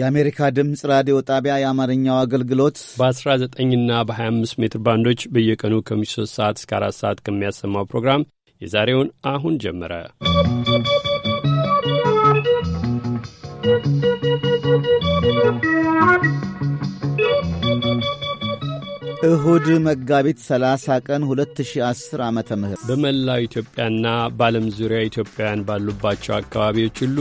የአሜሪካ ድምፅ ራዲዮ ጣቢያ የአማርኛው አገልግሎት በ19ና በ25 ሜትር ባንዶች በየቀኑ ከ 3 ሰዓት እስከ 4 ሰዓት ከሚያሰማው ፕሮግራም የዛሬውን አሁን ጀመረ። ¶¶ እሁድ መጋቢት 30 ቀን 2010 ዓ ም በመላው ኢትዮጵያና በዓለም ዙሪያ ኢትዮጵያውያን ባሉባቸው አካባቢዎች ሁሉ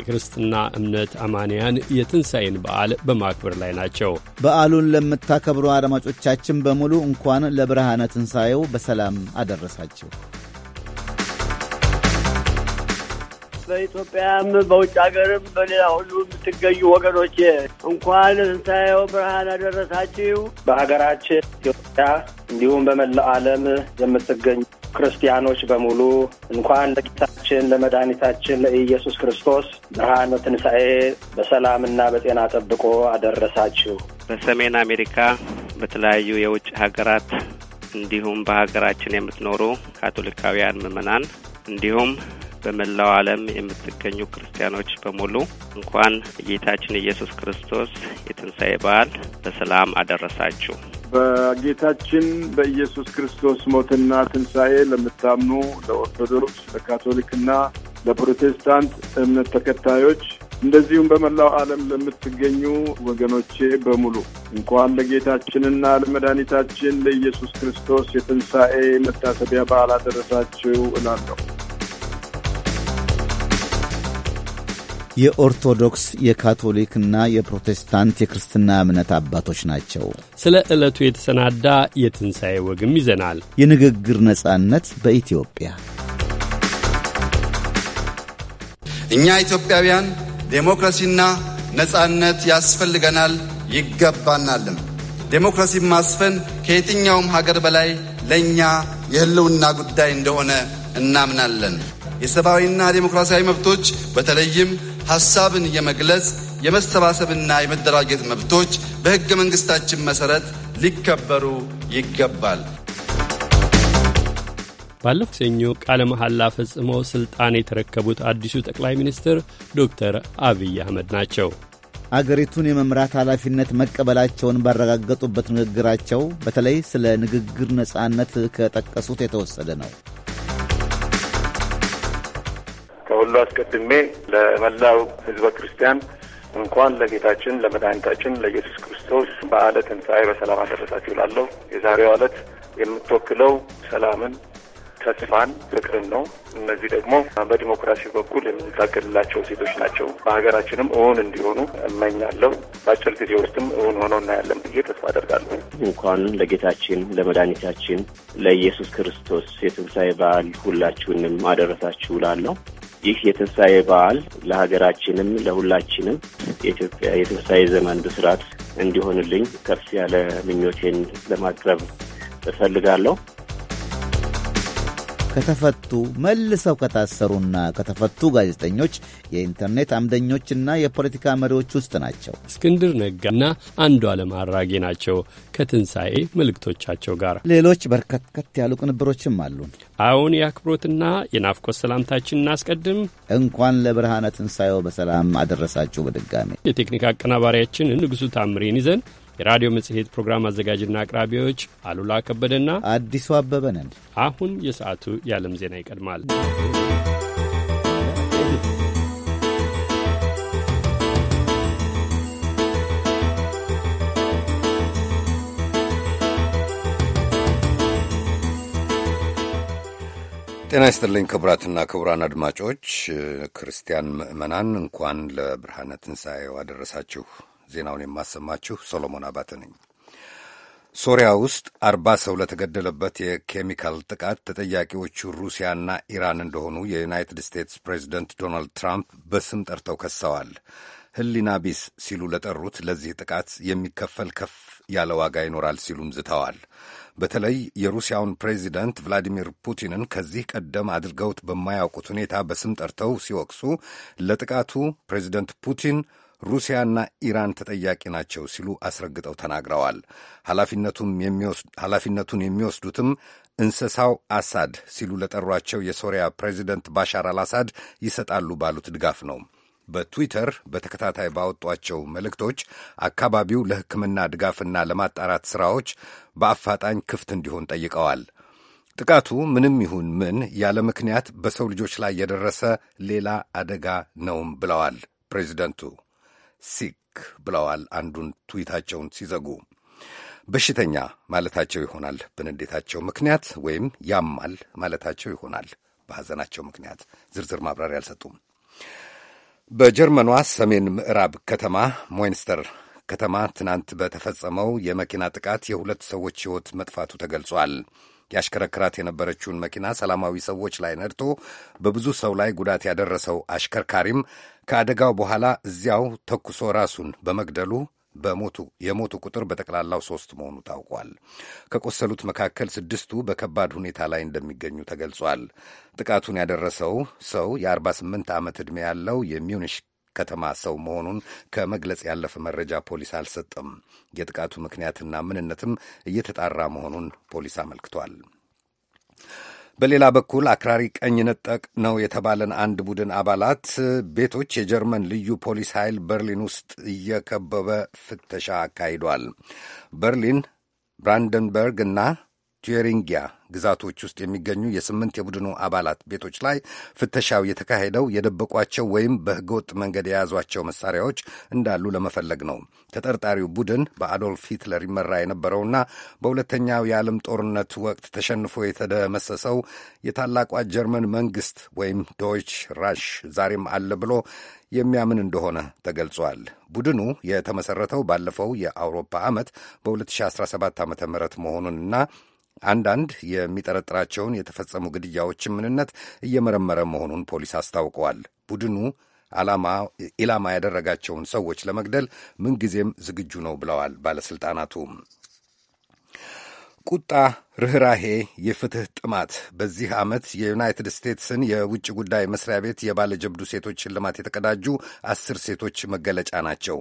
የክርስትና እምነት አማንያን የትንሣኤን በዓል በማክበር ላይ ናቸው። በዓሉን ለምታከብሩ አድማጮቻችን በሙሉ እንኳን ለብርሃነ ትንሣኤው በሰላም አደረሳቸው። በኢትዮጵያም በውጭ ሀገርም በሌላ ሁሉ የምትገኙ ወገኖቼ እንኳን ለትንሣኤው ብርሃን አደረሳችሁ። በሀገራችን ኢትዮጵያ እንዲሁም በመላው ዓለም የምትገኙ ክርስቲያኖች በሙሉ እንኳን ለጌታችን ለመድኃኒታችን ለኢየሱስ ክርስቶስ ብርሃነ ትንሣኤ በሰላምና በጤና ጠብቆ አደረሳችሁ። በሰሜን አሜሪካ በተለያዩ የውጭ ሀገራት እንዲሁም በሀገራችን የምትኖሩ ካቶሊካውያን ምዕመናን እንዲሁም በመላው ዓለም የምትገኙ ክርስቲያኖች በሙሉ እንኳን ጌታችን ኢየሱስ ክርስቶስ የትንሣኤ በዓል በሰላም አደረሳችሁ። በጌታችን በኢየሱስ ክርስቶስ ሞትና ትንሣኤ ለምታምኑ ለኦርቶዶክስ፣ ለካቶሊክና ለፕሮቴስታንት እምነት ተከታዮች እንደዚሁም በመላው ዓለም ለምትገኙ ወገኖቼ በሙሉ እንኳን ለጌታችንና ለመድኃኒታችን ለኢየሱስ ክርስቶስ የትንሣኤ መታሰቢያ በዓል አደረሳችሁ እላለሁ። የኦርቶዶክስ የካቶሊክና የፕሮቴስታንት የክርስትና እምነት አባቶች ናቸው። ስለ ዕለቱ የተሰናዳ የትንሣኤ ወግም ይዘናል። የንግግር ነጻነት በኢትዮጵያ እኛ ኢትዮጵያውያን ዴሞክራሲና ነጻነት ያስፈልገናል ይገባናልም። ዴሞክራሲን ማስፈን ከየትኛውም ሀገር በላይ ለእኛ የህልውና ጉዳይ እንደሆነ እናምናለን። የሰብአዊና ዴሞክራሲያዊ መብቶች በተለይም ሀሳብን የመግለጽ የመሰባሰብና የመደራጀት መብቶች በሕገ መንግስታችን መሰረት ሊከበሩ ይገባል። ባለፈው ሰኞ ቃለ መሐላ ፈጽመው ሥልጣን የተረከቡት አዲሱ ጠቅላይ ሚኒስትር ዶክተር አብይ አህመድ ናቸው። አገሪቱን የመምራት ኃላፊነት መቀበላቸውን ባረጋገጡበት ንግግራቸው በተለይ ስለ ንግግር ነጻነት ከጠቀሱት የተወሰደ ነው። ከሁሉ አስቀድሜ ለመላው ህዝበ ክርስቲያን እንኳን ለጌታችን ለመድኃኒታችን ለኢየሱስ ክርስቶስ በዓለ ትንሣኤ በሰላም አደረሳችሁ እላለሁ። የዛሬው ዕለት የምትወክለው ሰላምን፣ ተስፋን፣ ፍቅርን ነው። እነዚህ ደግሞ በዲሞክራሲ በኩል የምንታገልላቸው ሴቶች ናቸው። በሀገራችንም እውን እንዲሆኑ እመኛለሁ። በአጭር ጊዜ ውስጥም እውን ሆነው እናያለን ብዬ ተስፋ አደርጋለሁ። እንኳን ለጌታችን ለመድኃኒታችን ለኢየሱስ ክርስቶስ የትንሣኤ በዓል ሁላችሁንም አደረሳችሁ እላለሁ። ይህ የትንሣኤ በዓል ለሀገራችንም ለሁላችንም የኢትዮጵያ የትንሣኤ ዘመን ብስራት እንዲሆንልኝ ከፍ ያለ ምኞቴን ለማቅረብ እፈልጋለሁ። ከተፈቱ መልሰው ከታሰሩና ከተፈቱ ጋዜጠኞች፣ የኢንተርኔት አምደኞችና የፖለቲካ መሪዎች ውስጥ ናቸው። እስክንድር ነጋና አንዱ ዓለም አራጌ ናቸው። ከትንሣኤ መልእክቶቻቸው ጋር ሌሎች በርከትከት ያሉ ቅንብሮችም አሉ። አሁን የአክብሮትና የናፍቆት ሰላምታችን እናስቀድም። እንኳን ለብርሃነ ትንሣኤው በሰላም አደረሳችሁ። በድጋሜ የቴክኒክ አቀናባሪያችን ንጉሡ ታምሬን ይዘን የራዲዮ መጽሔት ፕሮግራም አዘጋጅና አቅራቢዎች አሉላ ከበደና አዲሱ አበበ ነን። አሁን የሰዓቱ የዓለም ዜና ይቀድማል። ጤና ይስጥልኝ ክቡራትና ክቡራን አድማጮች ክርስቲያን ምእመናን እንኳን ለብርሃነ ትንሣኤው አደረሳችሁ። ዜናውን የማሰማችሁ ሶሎሞን አባተ ነኝ። ሶሪያ ውስጥ አርባ ሰው ለተገደለበት የኬሚካል ጥቃት ተጠያቂዎቹ ሩሲያና ኢራን እንደሆኑ የዩናይትድ ስቴትስ ፕሬዚደንት ዶናልድ ትራምፕ በስም ጠርተው ከሰዋል። ሕሊና ቢስ ሲሉ ለጠሩት ለዚህ ጥቃት የሚከፈል ከፍ ያለ ዋጋ ይኖራል ሲሉም ዝተዋል። በተለይ የሩሲያውን ፕሬዚደንት ቭላዲሚር ፑቲንን ከዚህ ቀደም አድርገውት በማያውቁት ሁኔታ በስም ጠርተው ሲወቅሱ ለጥቃቱ ፕሬዚደንት ፑቲን ሩሲያና ኢራን ተጠያቂ ናቸው ሲሉ አስረግጠው ተናግረዋል። ኃላፊነቱን የሚወስዱትም እንስሳው አሳድ ሲሉ ለጠሯቸው የሶሪያ ፕሬዚደንት ባሻር አልአሳድ ይሰጣሉ ባሉት ድጋፍ ነው። በትዊተር በተከታታይ ባወጧቸው መልእክቶች አካባቢው ለሕክምና ድጋፍና ለማጣራት ሥራዎች በአፋጣኝ ክፍት እንዲሆን ጠይቀዋል። ጥቃቱ ምንም ይሁን ምን ያለ ምክንያት በሰው ልጆች ላይ የደረሰ ሌላ አደጋ ነውም ብለዋል ፕሬዚደንቱ። ሲክ ብለዋል አንዱን ትዊታቸውን ሲዘጉ። በሽተኛ ማለታቸው ይሆናል በንዴታቸው ምክንያት ወይም ያማል ማለታቸው ይሆናል በሐዘናቸው ምክንያት። ዝርዝር ማብራሪያ አልሰጡም። በጀርመኗ ሰሜን ምዕራብ ከተማ ሞይንስተር ከተማ ትናንት በተፈጸመው የመኪና ጥቃት የሁለት ሰዎች ሕይወት መጥፋቱ ተገልጿል። ያሽከረክራት የነበረችውን መኪና ሰላማዊ ሰዎች ላይ ነድቶ በብዙ ሰው ላይ ጉዳት ያደረሰው አሽከርካሪም ከአደጋው በኋላ እዚያው ተኩሶ ራሱን በመግደሉ በሞቱ የሞቱ ቁጥር በጠቅላላው ሶስት መሆኑ ታውቋል። ከቆሰሉት መካከል ስድስቱ በከባድ ሁኔታ ላይ እንደሚገኙ ተገልጿል። ጥቃቱን ያደረሰው ሰው የ48 ዓመት ዕድሜ ያለው የሚዩኒሽ ከተማ ሰው መሆኑን ከመግለጽ ያለፈ መረጃ ፖሊስ አልሰጠም። የጥቃቱ ምክንያትና ምንነትም እየተጣራ መሆኑን ፖሊስ አመልክቷል። በሌላ በኩል አክራሪ ቀኝ ነጠቅ ነው የተባለን አንድ ቡድን አባላት ቤቶች የጀርመን ልዩ ፖሊስ ኃይል በርሊን ውስጥ እየከበበ ፍተሻ አካሂዷል። በርሊን፣ ብራንደንበርግ እና ቱሪንጊያ ግዛቶች ውስጥ የሚገኙ የስምንት የቡድኑ አባላት ቤቶች ላይ ፍተሻው የተካሄደው የደበቋቸው ወይም በህገወጥ መንገድ የያዟቸው መሳሪያዎች እንዳሉ ለመፈለግ ነው። ተጠርጣሪው ቡድን በአዶልፍ ሂትለር ይመራ የነበረውና በሁለተኛው የዓለም ጦርነት ወቅት ተሸንፎ የተደመሰሰው የታላቋ ጀርመን መንግሥት ወይም ዶይች ራሽ ዛሬም አለ ብሎ የሚያምን እንደሆነ ተገልጿል። ቡድኑ የተመሠረተው ባለፈው የአውሮፓ ዓመት በ2017 ዓ ም መሆኑንና አንዳንድ የሚጠረጥራቸውን የተፈጸሙ ግድያዎችን ምንነት እየመረመረ መሆኑን ፖሊስ አስታውቀዋል። ቡድኑ ኢላማ ያደረጋቸውን ሰዎች ለመግደል ምንጊዜም ዝግጁ ነው ብለዋል ባለሥልጣናቱ። ቁጣ፣ ርኅራሄ፣ የፍትሕ ጥማት በዚህ ዓመት የዩናይትድ ስቴትስን የውጭ ጉዳይ መስሪያ ቤት የባለጀብዱ ሴቶች ሽልማት የተቀዳጁ አስር ሴቶች መገለጫ ናቸው።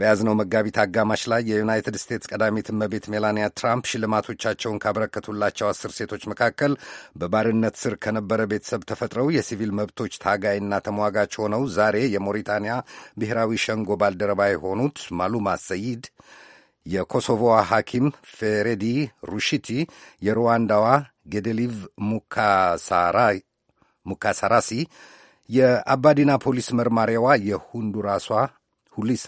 በያዝነው መጋቢት አጋማሽ ላይ የዩናይትድ ስቴትስ ቀዳሚት እመቤት ሜላንያ ትራምፕ ሽልማቶቻቸውን ካበረከቱላቸው አስር ሴቶች መካከል በባርነት ስር ከነበረ ቤተሰብ ተፈጥረው የሲቪል መብቶች ታጋይና ተሟጋች ሆነው ዛሬ የሞሪታንያ ብሔራዊ ሸንጎ ባልደረባ የሆኑት ማሉማ ሰይድ የኮሶቮዋ ሐኪም ፌሬዲ ሩሺቲ የሩዋንዳዋ ጌደሊቭ ሙካሳራሲ የአባዲና ፖሊስ መርማሪዋ የሁንዱራሷ ሁሊሳ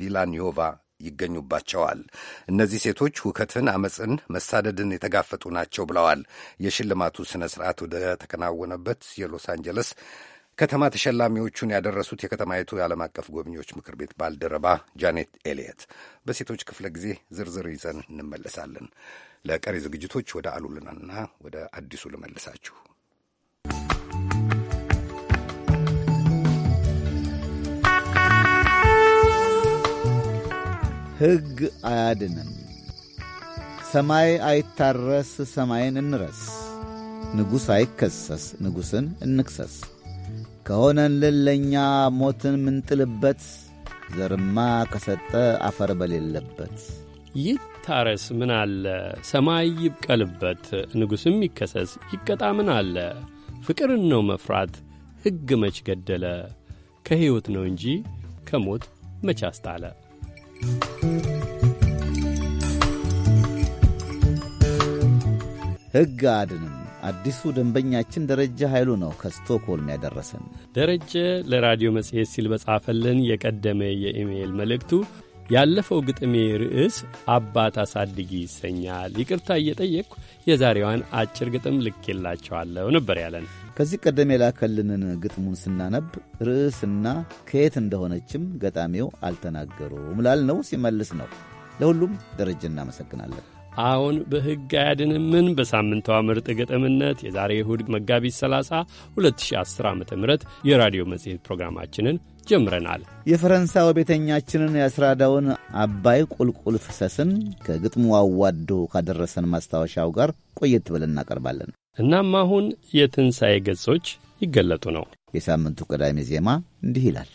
ቪላኒዮቫ ይገኙባቸዋል። እነዚህ ሴቶች ሁከትን፣ አመፅን፣ መሳደድን የተጋፈጡ ናቸው ብለዋል። የሽልማቱ ሥነ ሥርዓት ወደ ተከናወነበት የሎስ አንጀለስ ከተማ ተሸላሚዎቹን ያደረሱት የከተማይቱ የዓለም አቀፍ ጎብኚዎች ምክር ቤት ባልደረባ ጃኔት ኤልየት። በሴቶች ክፍለ ጊዜ ዝርዝር ይዘን እንመለሳለን። ለቀሪ ዝግጅቶች ወደ አሉልናና ወደ አዲሱ ልመልሳችሁ። ሕግ አያድንም። ሰማይ አይታረስ፣ ሰማይን እንረስ። ንጉሥ አይከሰስ፣ ንጉሥን እንክሰስ። ከሆነልን ለእኛ ሞትን ምንጥልበት ዘርማ ከሰጠ አፈር በሌለበት ይታረስ ምን አለ ሰማይ ይብቀልበት ንጉሥም ይከሰስ ይቀጣ ምን አለ ፍቅርን ነው መፍራት ሕግ መች ገደለ ከሕይወት ነው እንጂ ከሞት መች አስጣለ። ሕግ አድንም አዲሱ ደንበኛችን ደረጀ ኃይሉ ነው ከስቶክሆልም ያደረሰን። ደረጀ ለራዲዮ መጽሔት ሲል በጻፈልን የቀደመ የኢሜይል መልእክቱ ያለፈው ግጥሜ ርዕስ አባት አሳድጊ ይሰኛል። ይቅርታ እየጠየቅኩ የዛሬዋን አጭር ግጥም ልኬላቸዋለሁ ነበር ያለን። ከዚህ ቀደም የላከልንን ግጥሙን ስናነብ ርዕስና ከየት እንደሆነችም ገጣሚው አልተናገሩም ነው ሲመልስ ነው። ለሁሉም ደረጀ እናመሰግናለን። አሁን በሕግ አያድንምን በሳምንቷ ምርጥ ገጠምነት የዛሬ እሁድ መጋቢት 30 2010 ዓ ም የራዲዮ መጽሔት ፕሮግራማችንን ጀምረናል። የፈረንሳይ ቤተኛችንን የአስራዳውን አባይ ቁልቁል ፍሰስን ከግጥሙ አዋዶ ካደረሰን ማስታወሻው ጋር ቆየት ብለን እናቀርባለን። እናም አሁን የትንሣኤ ገጾች ይገለጡ ነው። የሳምንቱ ቀዳሚ ዜማ እንዲህ ይላል።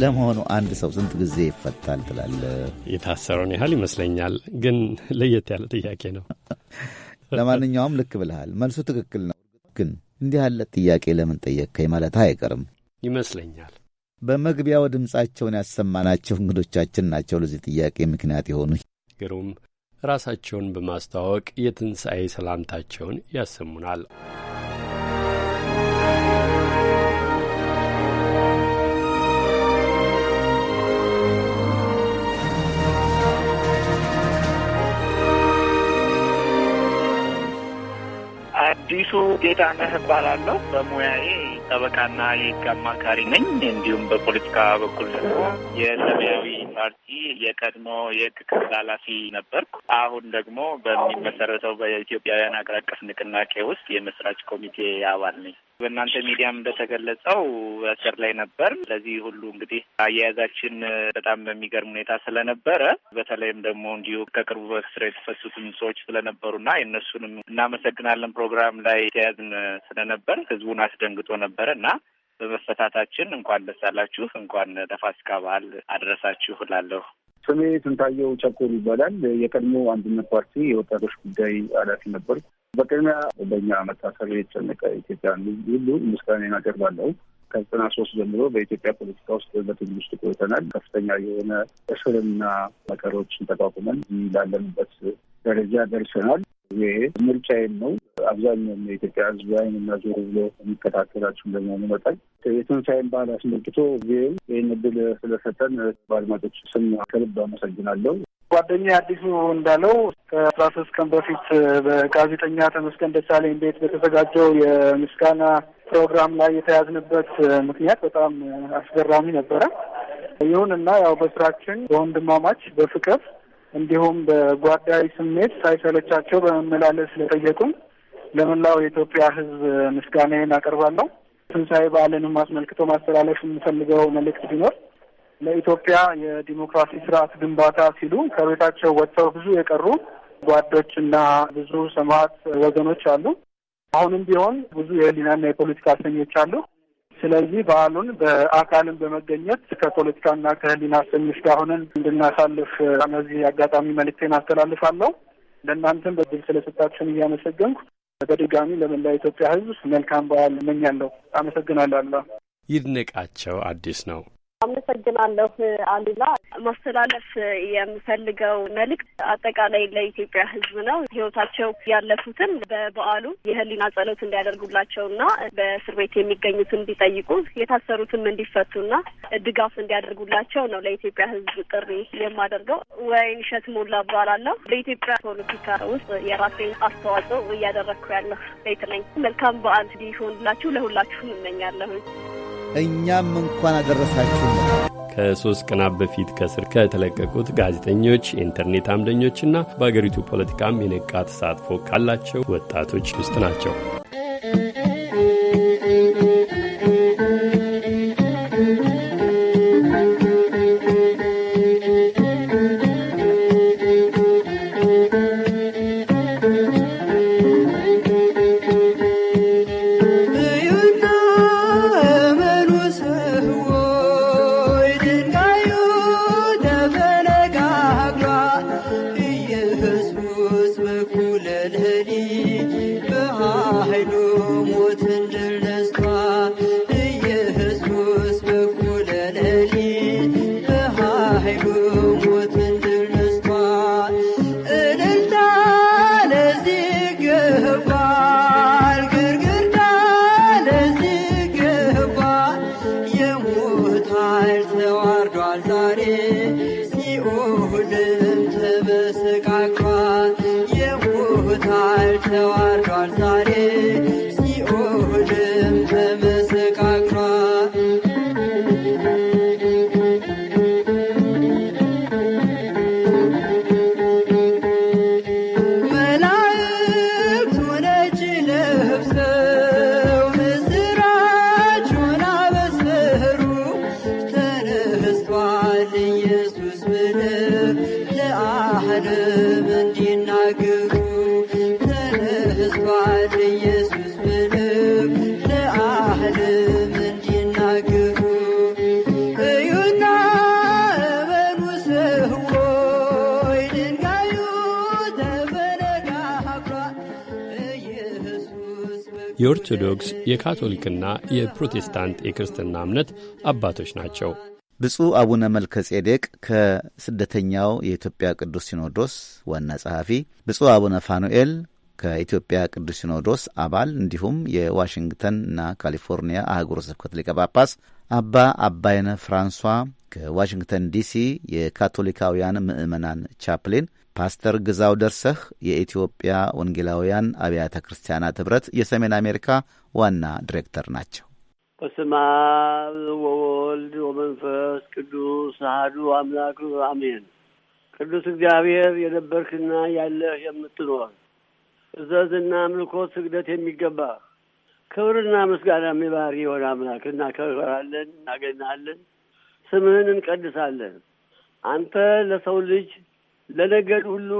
ለመሆኑ አንድ ሰው ስንት ጊዜ ይፈታል ትላለ? የታሰረውን ያህል ይመስለኛል፣ ግን ለየት ያለ ጥያቄ ነው። ለማንኛውም ልክ ብልሃል፣ መልሱ ትክክል ነው። ግን እንዲህ ያለ ጥያቄ ለምን ጠየቅከኝ ማለት አይቀርም ይመስለኛል። በመግቢያው ድምፃቸውን ያሰማናቸው እንግዶቻችን ናቸው ለዚህ ጥያቄ ምክንያት የሆኑ ግሩም ራሳቸውን በማስተዋወቅ የትንሣኤ ሰላምታቸውን ያሰሙናል። አዲሱ ጌታነህ እባላለሁ። በሙያዬ ጠበቃና የህግ አማካሪ ነኝ። እንዲሁም በፖለቲካ በኩል ደግሞ የሰማያዊ ፓርቲ የቀድሞ የህግ ክፍል ኃላፊ ነበርኩ። አሁን ደግሞ በሚመሰረተው በኢትዮጵያውያን ሀገር አቀፍ ንቅናቄ ውስጥ የመስራች ኮሚቴ አባል ነኝ። በእናንተ ሚዲያም እንደተገለጸው በእስር ላይ ነበር። ለዚህ ሁሉ እንግዲህ አያያዛችን በጣም በሚገርም ሁኔታ ስለነበረ በተለይም ደግሞ እንዲሁ ከቅርቡ በእስር የተፈቱትም ሰዎች ስለነበሩና የእነሱንም እናመሰግናለን ፕሮግራም ላይ ተያዝን ስለነበር ህዝቡን አስደንግጦ ነበረ እና በመፈታታችን እንኳን ደስ አላችሁ፣ እንኳን ለፋሲካ በዓል አድረሳችሁ እላለሁ። ስሜ ስንታየው ቸኮል ይባላል። የቀድሞ አንድነት ፓርቲ የወጣቶች ጉዳይ ኃላፊ ነበር። በቅድሚያ በኛ መታሰር የተጨነቀ ኢትዮጵያን ሁሉ ምስጋና አቀርባለሁ። ከዘጠና ሶስት ጀምሮ በኢትዮጵያ ፖለቲካ ውስጥ በትግል ውስጥ ቆይተናል። ከፍተኛ የሆነ እስርና መከሮችን ተቋቁመን ላለንበት ደረጃ ደርሰናል። ይሄ ምርጫዬም ነው። አብዛኛውም የኢትዮጵያ ሕዝብ አይን እና ዞሮ ብሎ የሚከታተላችሁ እንደመሆኑ መጠን የትንሳኤን በዓል አስመልክቶ ጊዜም ይህን እድል ስለሰጠን በአድማጮች ስም ከልብ አመሰግናለሁ። ጓደኛ አዲሱ እንዳለው ከአስራ ሶስት ቀን በፊት በጋዜጠኛ ተመስገን ደሳለኝ ቤት በተዘጋጀው የምስጋና ፕሮግራም ላይ የተያዝንበት ምክንያት በጣም አስገራሚ ነበረ። ይሁንና ያው በስራችን በወንድማማች በፍቅር እንዲሁም በጓዳዊ ስሜት ሳይሰለቻቸው በመመላለስ ስለጠየቁን ለመላው የኢትዮጵያ ሕዝብ ምስጋናዬን አቀርባለሁ። ትንሣኤ በዓልንም አስመልክቶ ማስተላለፍ የምፈልገው መልእክት ቢኖር ለኢትዮጵያ የዲሞክራሲ ስርዓት ግንባታ ሲሉ ከቤታቸው ወጥተው ብዙ የቀሩ ጓዶች እና ብዙ ሰማዕት ወገኖች አሉ። አሁንም ቢሆን ብዙ የህሊናና የፖለቲካ እስረኞች አሉ። ስለዚህ በዓሉን በአካልን በመገኘት ከፖለቲካና ከህሊና እስረኞች ጋር ሆነን እንድናሳልፍ በዚህ አጋጣሚ መልእክቴን አስተላልፋለሁ። ለእናንተም በድል ስለሰጣችሁን እያመሰገንኩ በድጋሚ ለመላ ኢትዮጵያ ሕዝብ መልካም በዓል እመኛለሁ። አመሰግናለሁ። ይድነቃቸው አዲስ ነው። አመሰግናለሁ አሉላ። ማስተላለፍ የምፈልገው መልእክት አጠቃላይ ለኢትዮጵያ ሕዝብ ነው። ሕይወታቸው ያለፉትን በበዓሉ የህሊና ጸሎት እንዲያደርጉላቸውና በእስር ቤት የሚገኙትን እንዲጠይቁ የታሰሩትም እንዲፈቱና ድጋፍ እንዲያደርጉላቸው ነው ለኢትዮጵያ ሕዝብ ጥሪ የማደርገው። ወይን እሸት ሞላ እባላለሁ። በኢትዮጵያ ፖለቲካ ውስጥ የራሴን አስተዋጽኦ እያደረግኩ ያለሁ ቤት ነኝ። መልካም በዓል እንዲሆንላችሁ ለሁላችሁም እመኛለሁኝ። እኛም እንኳን አደረሳችሁ። ከሶስት ቀናት በፊት ከእስር ከተለቀቁት ጋዜጠኞች፣ የኢንተርኔት አምደኞችና በአገሪቱ ፖለቲካም የነቃ ተሳትፎ ካላቸው ወጣቶች ውስጥ ናቸው። ብስቃቿ የሙታል ተዋርዷል የኦርቶዶክስ የካቶሊክና የፕሮቴስታንት የክርስትና እምነት አባቶች ናቸው። ብፁዕ አቡነ መልከ ጼዴቅ ከስደተኛው የኢትዮጵያ ቅዱስ ሲኖዶስ ዋና ጸሐፊ፣ ብፁዕ አቡነ ፋኑኤል ከኢትዮጵያ ቅዱስ ሲኖዶስ አባል እንዲሁም የዋሽንግተን እና ካሊፎርኒያ አህጉረ ስብከት ሊቀ ጳጳስ አባ አባይነ ፍራንሷ ከዋሽንግተን ዲሲ የካቶሊካውያን ምዕመናን ቻፕሊን ፓስተር ግዛው ደርሰህ የኢትዮጵያ ወንጌላውያን አብያተ ክርስቲያናት ኅብረት የሰሜን አሜሪካ ዋና ዲሬክተር ናቸው። በስመ አብ ወወልድ ወመንፈስ ቅዱስ አሐዱ አምላክ አሜን። ቅዱስ እግዚአብሔር የነበርክና ያለህ የምትኖር እዘዝና አምልኮት ስግደት የሚገባ ክብርና ምስጋና የሚባር የሆነ አምላክ እናከብራለን፣ እናገናለን፣ ስምህን እንቀድሳለን። አንተ ለሰው ልጅ ለነገድ ሁሉ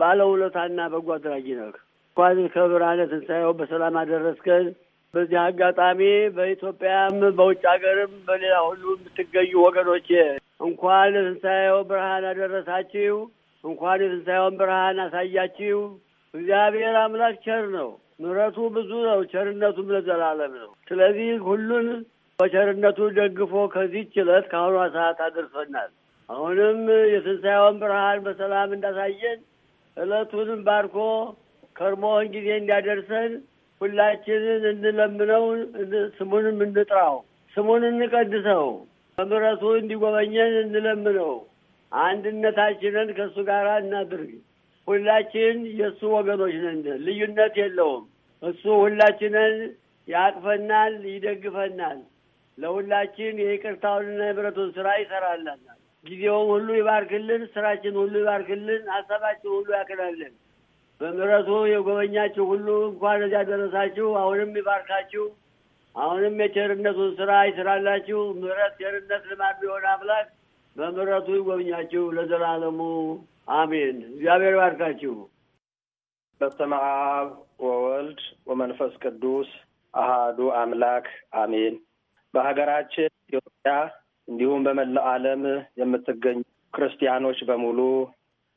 ባለውለታና በጎ አድራጊ ነህ። እንኳን ከብርሃነ ትንሣኤው በሰላም አደረስከን። በዚህ አጋጣሚ በኢትዮጵያም በውጭ ሀገርም በሌላ ሁሉ የምትገኙ ወገኖቼ እንኳን ለትንሣኤው ብርሃን አደረሳችሁ። እንኳን የትንሣኤውን ብርሃን አሳያችሁ። እግዚአብሔር አምላክ ቸር ነው፣ ምሕረቱ ብዙ ነው፣ ቸርነቱም ለዘላለም ነው። ስለዚህ ሁሉን በቸርነቱ ደግፎ ከዚህች ዕለት ከአሁኗ ሰዓት አድርሶናል። አሁንም የትንሣኤውን ብርሃን በሰላም እንዳሳየን ዕለቱንም ባርኮ ከርሞውን ጊዜ እንዲያደርሰን ሁላችንን እንለምነው፣ ስሙንም እንጥራው፣ ስሙን እንቀድሰው፣ በምሕረቱ እንዲጎበኘን እንለምነው። አንድነታችንን ከእሱ ጋር እናድርግ። ሁላችን የእሱ ወገኖች ነን፣ ልዩነት የለውም። እሱ ሁላችንን ያቅፈናል፣ ይደግፈናል። ለሁላችን የይቅርታውንና የምሕረቱን ስራ ይሰራልናል። ጊዜውን ሁሉ ይባርክልን፣ ስራችን ሁሉ ይባርክልን፣ ሀሳባችን ሁሉ ያክላልን። በምረቱ የጎበኛችሁ ሁሉ እንኳን እዚያ ደረሳችሁ። አሁንም ይባርካችሁ። አሁንም የቸርነቱን ስራ ይስራላችሁ። ምረት ቸርነት፣ ልማድ የሆነ አምላክ በምረቱ ይጎብኛችሁ ለዘላለሙ አሜን። እግዚአብሔር ይባርካችሁ። በስመ አብ ወወልድ ወመንፈስ ቅዱስ አሃዱ አምላክ አሜን። በሀገራችን ኢትዮጵያ እንዲሁም በመላው ዓለም የምትገኙ ክርስቲያኖች በሙሉ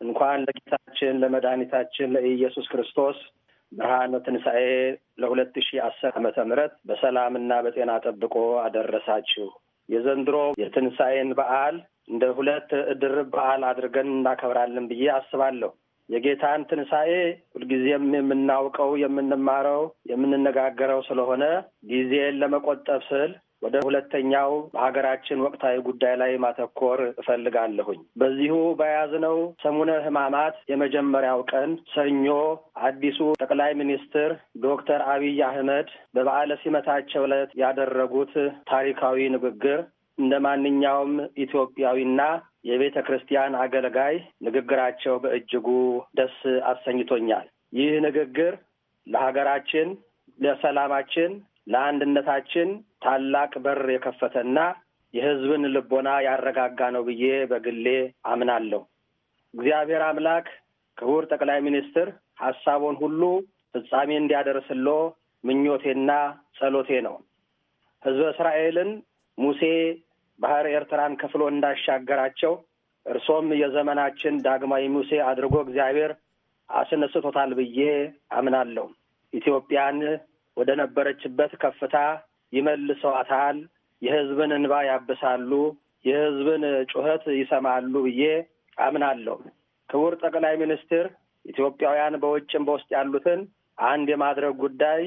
እንኳን ለጌታችን ለመድኃኒታችን ለኢየሱስ ክርስቶስ ብርሃነ ትንሣኤ ለሁለት ሺ አስር ዓመተ ምህረት በሰላምና በጤና ጠብቆ አደረሳችሁ። የዘንድሮ የትንሣኤን በዓል እንደ ሁለት እድር በዓል አድርገን እናከብራለን ብዬ አስባለሁ። የጌታን ትንሣኤ ሁልጊዜም የምናውቀው፣ የምንማረው፣ የምንነጋገረው ስለሆነ ጊዜን ለመቆጠብ ስል ወደ ሁለተኛው በሀገራችን ወቅታዊ ጉዳይ ላይ ማተኮር እፈልጋለሁኝ። በዚሁ በያዝነው ሰሙነ ሕማማት የመጀመሪያው ቀን ሰኞ አዲሱ ጠቅላይ ሚኒስትር ዶክተር አብይ አህመድ በበዓለ ሲመታቸው ዕለት ያደረጉት ታሪካዊ ንግግር እንደ ማንኛውም ኢትዮጵያዊና የቤተ ክርስቲያን አገልጋይ ንግግራቸው በእጅጉ ደስ አሰኝቶኛል። ይህ ንግግር ለሀገራችን፣ ለሰላማችን፣ ለአንድነታችን ታላቅ በር የከፈተና የሕዝብን ልቦና ያረጋጋ ነው ብዬ በግሌ አምናለሁ። እግዚአብሔር አምላክ ክቡር ጠቅላይ ሚኒስትር ሀሳቡን ሁሉ ፍጻሜ እንዲያደርስሎ ምኞቴና ጸሎቴ ነው። ሕዝበ እስራኤልን ሙሴ ባህር ኤርትራን ከፍሎ እንዳሻገራቸው እርሶም የዘመናችን ዳግማዊ ሙሴ አድርጎ እግዚአብሔር አስነስቶታል ብዬ አምናለሁ። ኢትዮጵያን ወደ ነበረችበት ከፍታ ይመልሰዋታል፣ የህዝብን እንባ ያብሳሉ፣ የህዝብን ጩኸት ይሰማሉ ብዬ አምናለሁ። ክቡር ጠቅላይ ሚኒስትር ኢትዮጵያውያን በውጭም በውስጥ ያሉትን አንድ የማድረግ ጉዳይ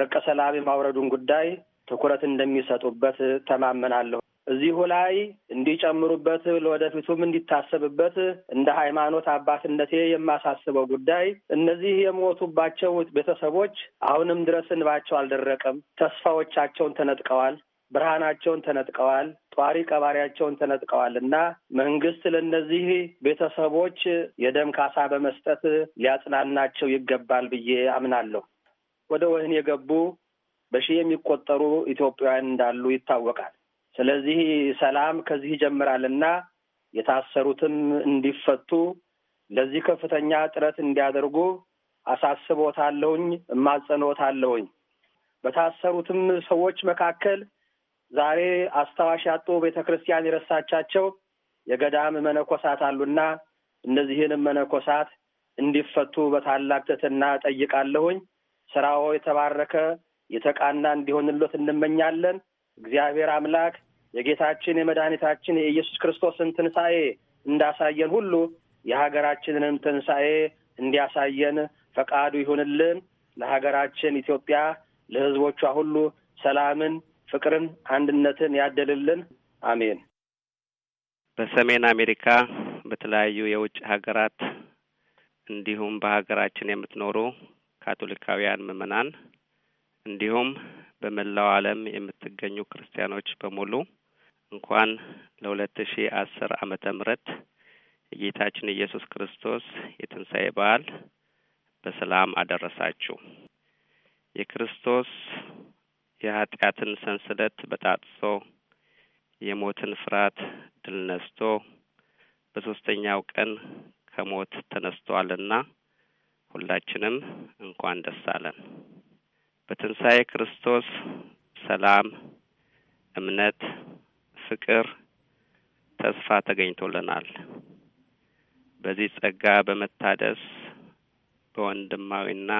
እርቀ ሰላም የማውረዱን ጉዳይ ትኩረት እንደሚሰጡበት ተማመናለሁ። እዚሁ ላይ እንዲጨምሩበት ለወደፊቱም እንዲታሰብበት እንደ ሃይማኖት አባትነቴ የማሳስበው ጉዳይ እነዚህ የሞቱባቸው ቤተሰቦች አሁንም ድረስ እንባቸው አልደረቀም። ተስፋዎቻቸውን ተነጥቀዋል፣ ብርሃናቸውን ተነጥቀዋል፣ ጧሪ ቀባሪያቸውን ተነጥቀዋል እና መንግስት ለእነዚህ ቤተሰቦች የደም ካሳ በመስጠት ሊያጽናናቸው ይገባል ብዬ አምናለሁ። ወደ ወህን የገቡ በሺህ የሚቆጠሩ ኢትዮጵያውያን እንዳሉ ይታወቃል። ስለዚህ ሰላም ከዚህ ይጀምራልና የታሰሩትም እንዲፈቱ ለዚህ ከፍተኛ ጥረት እንዲያደርጉ አሳስቦታለሁኝ፣ እማጸኖታለሁኝ። በታሰሩትም ሰዎች መካከል ዛሬ አስታዋሽ ያጡ ቤተ ክርስቲያን የረሳቻቸው የገዳም መነኮሳት አሉና እነዚህንም መነኮሳት እንዲፈቱ በታላቅ ትሕትና ጠይቃለሁኝ። ስራዎ የተባረከ የተቃና እንዲሆንሎት እንመኛለን። እግዚአብሔር አምላክ የጌታችን የመድኃኒታችን የኢየሱስ ክርስቶስን ትንሣኤ እንዳሳየን ሁሉ የሀገራችንንም ትንሣኤ እንዲያሳየን ፈቃዱ ይሁንልን። ለሀገራችን ኢትዮጵያ፣ ለሕዝቦቿ ሁሉ ሰላምን፣ ፍቅርን፣ አንድነትን ያደልልን። አሜን። በሰሜን አሜሪካ በተለያዩ የውጭ ሀገራት እንዲሁም በሀገራችን የምትኖሩ ካቶሊካውያን ምዕመናን እንዲሁም በመላው ዓለም የምትገኙ ክርስቲያኖች በሙሉ እንኳን ለሁለት ሺ አስር አመተ ምህረት የጌታችን ኢየሱስ ክርስቶስ የትንሣኤ በዓል በሰላም አደረሳችሁ። የክርስቶስ የኀጢአትን ሰንሰለት በጣጥሶ የሞትን ፍርሃት ድል ነስቶ በሦስተኛው ቀን ከሞት ተነስቷልና ሁላችንም እንኳን ደስ አለን። በትንሣኤ ክርስቶስ ሰላም፣ እምነት ፍቅር፣ ተስፋ ተገኝቶልናል። በዚህ ጸጋ በመታደስ በወንድማዊና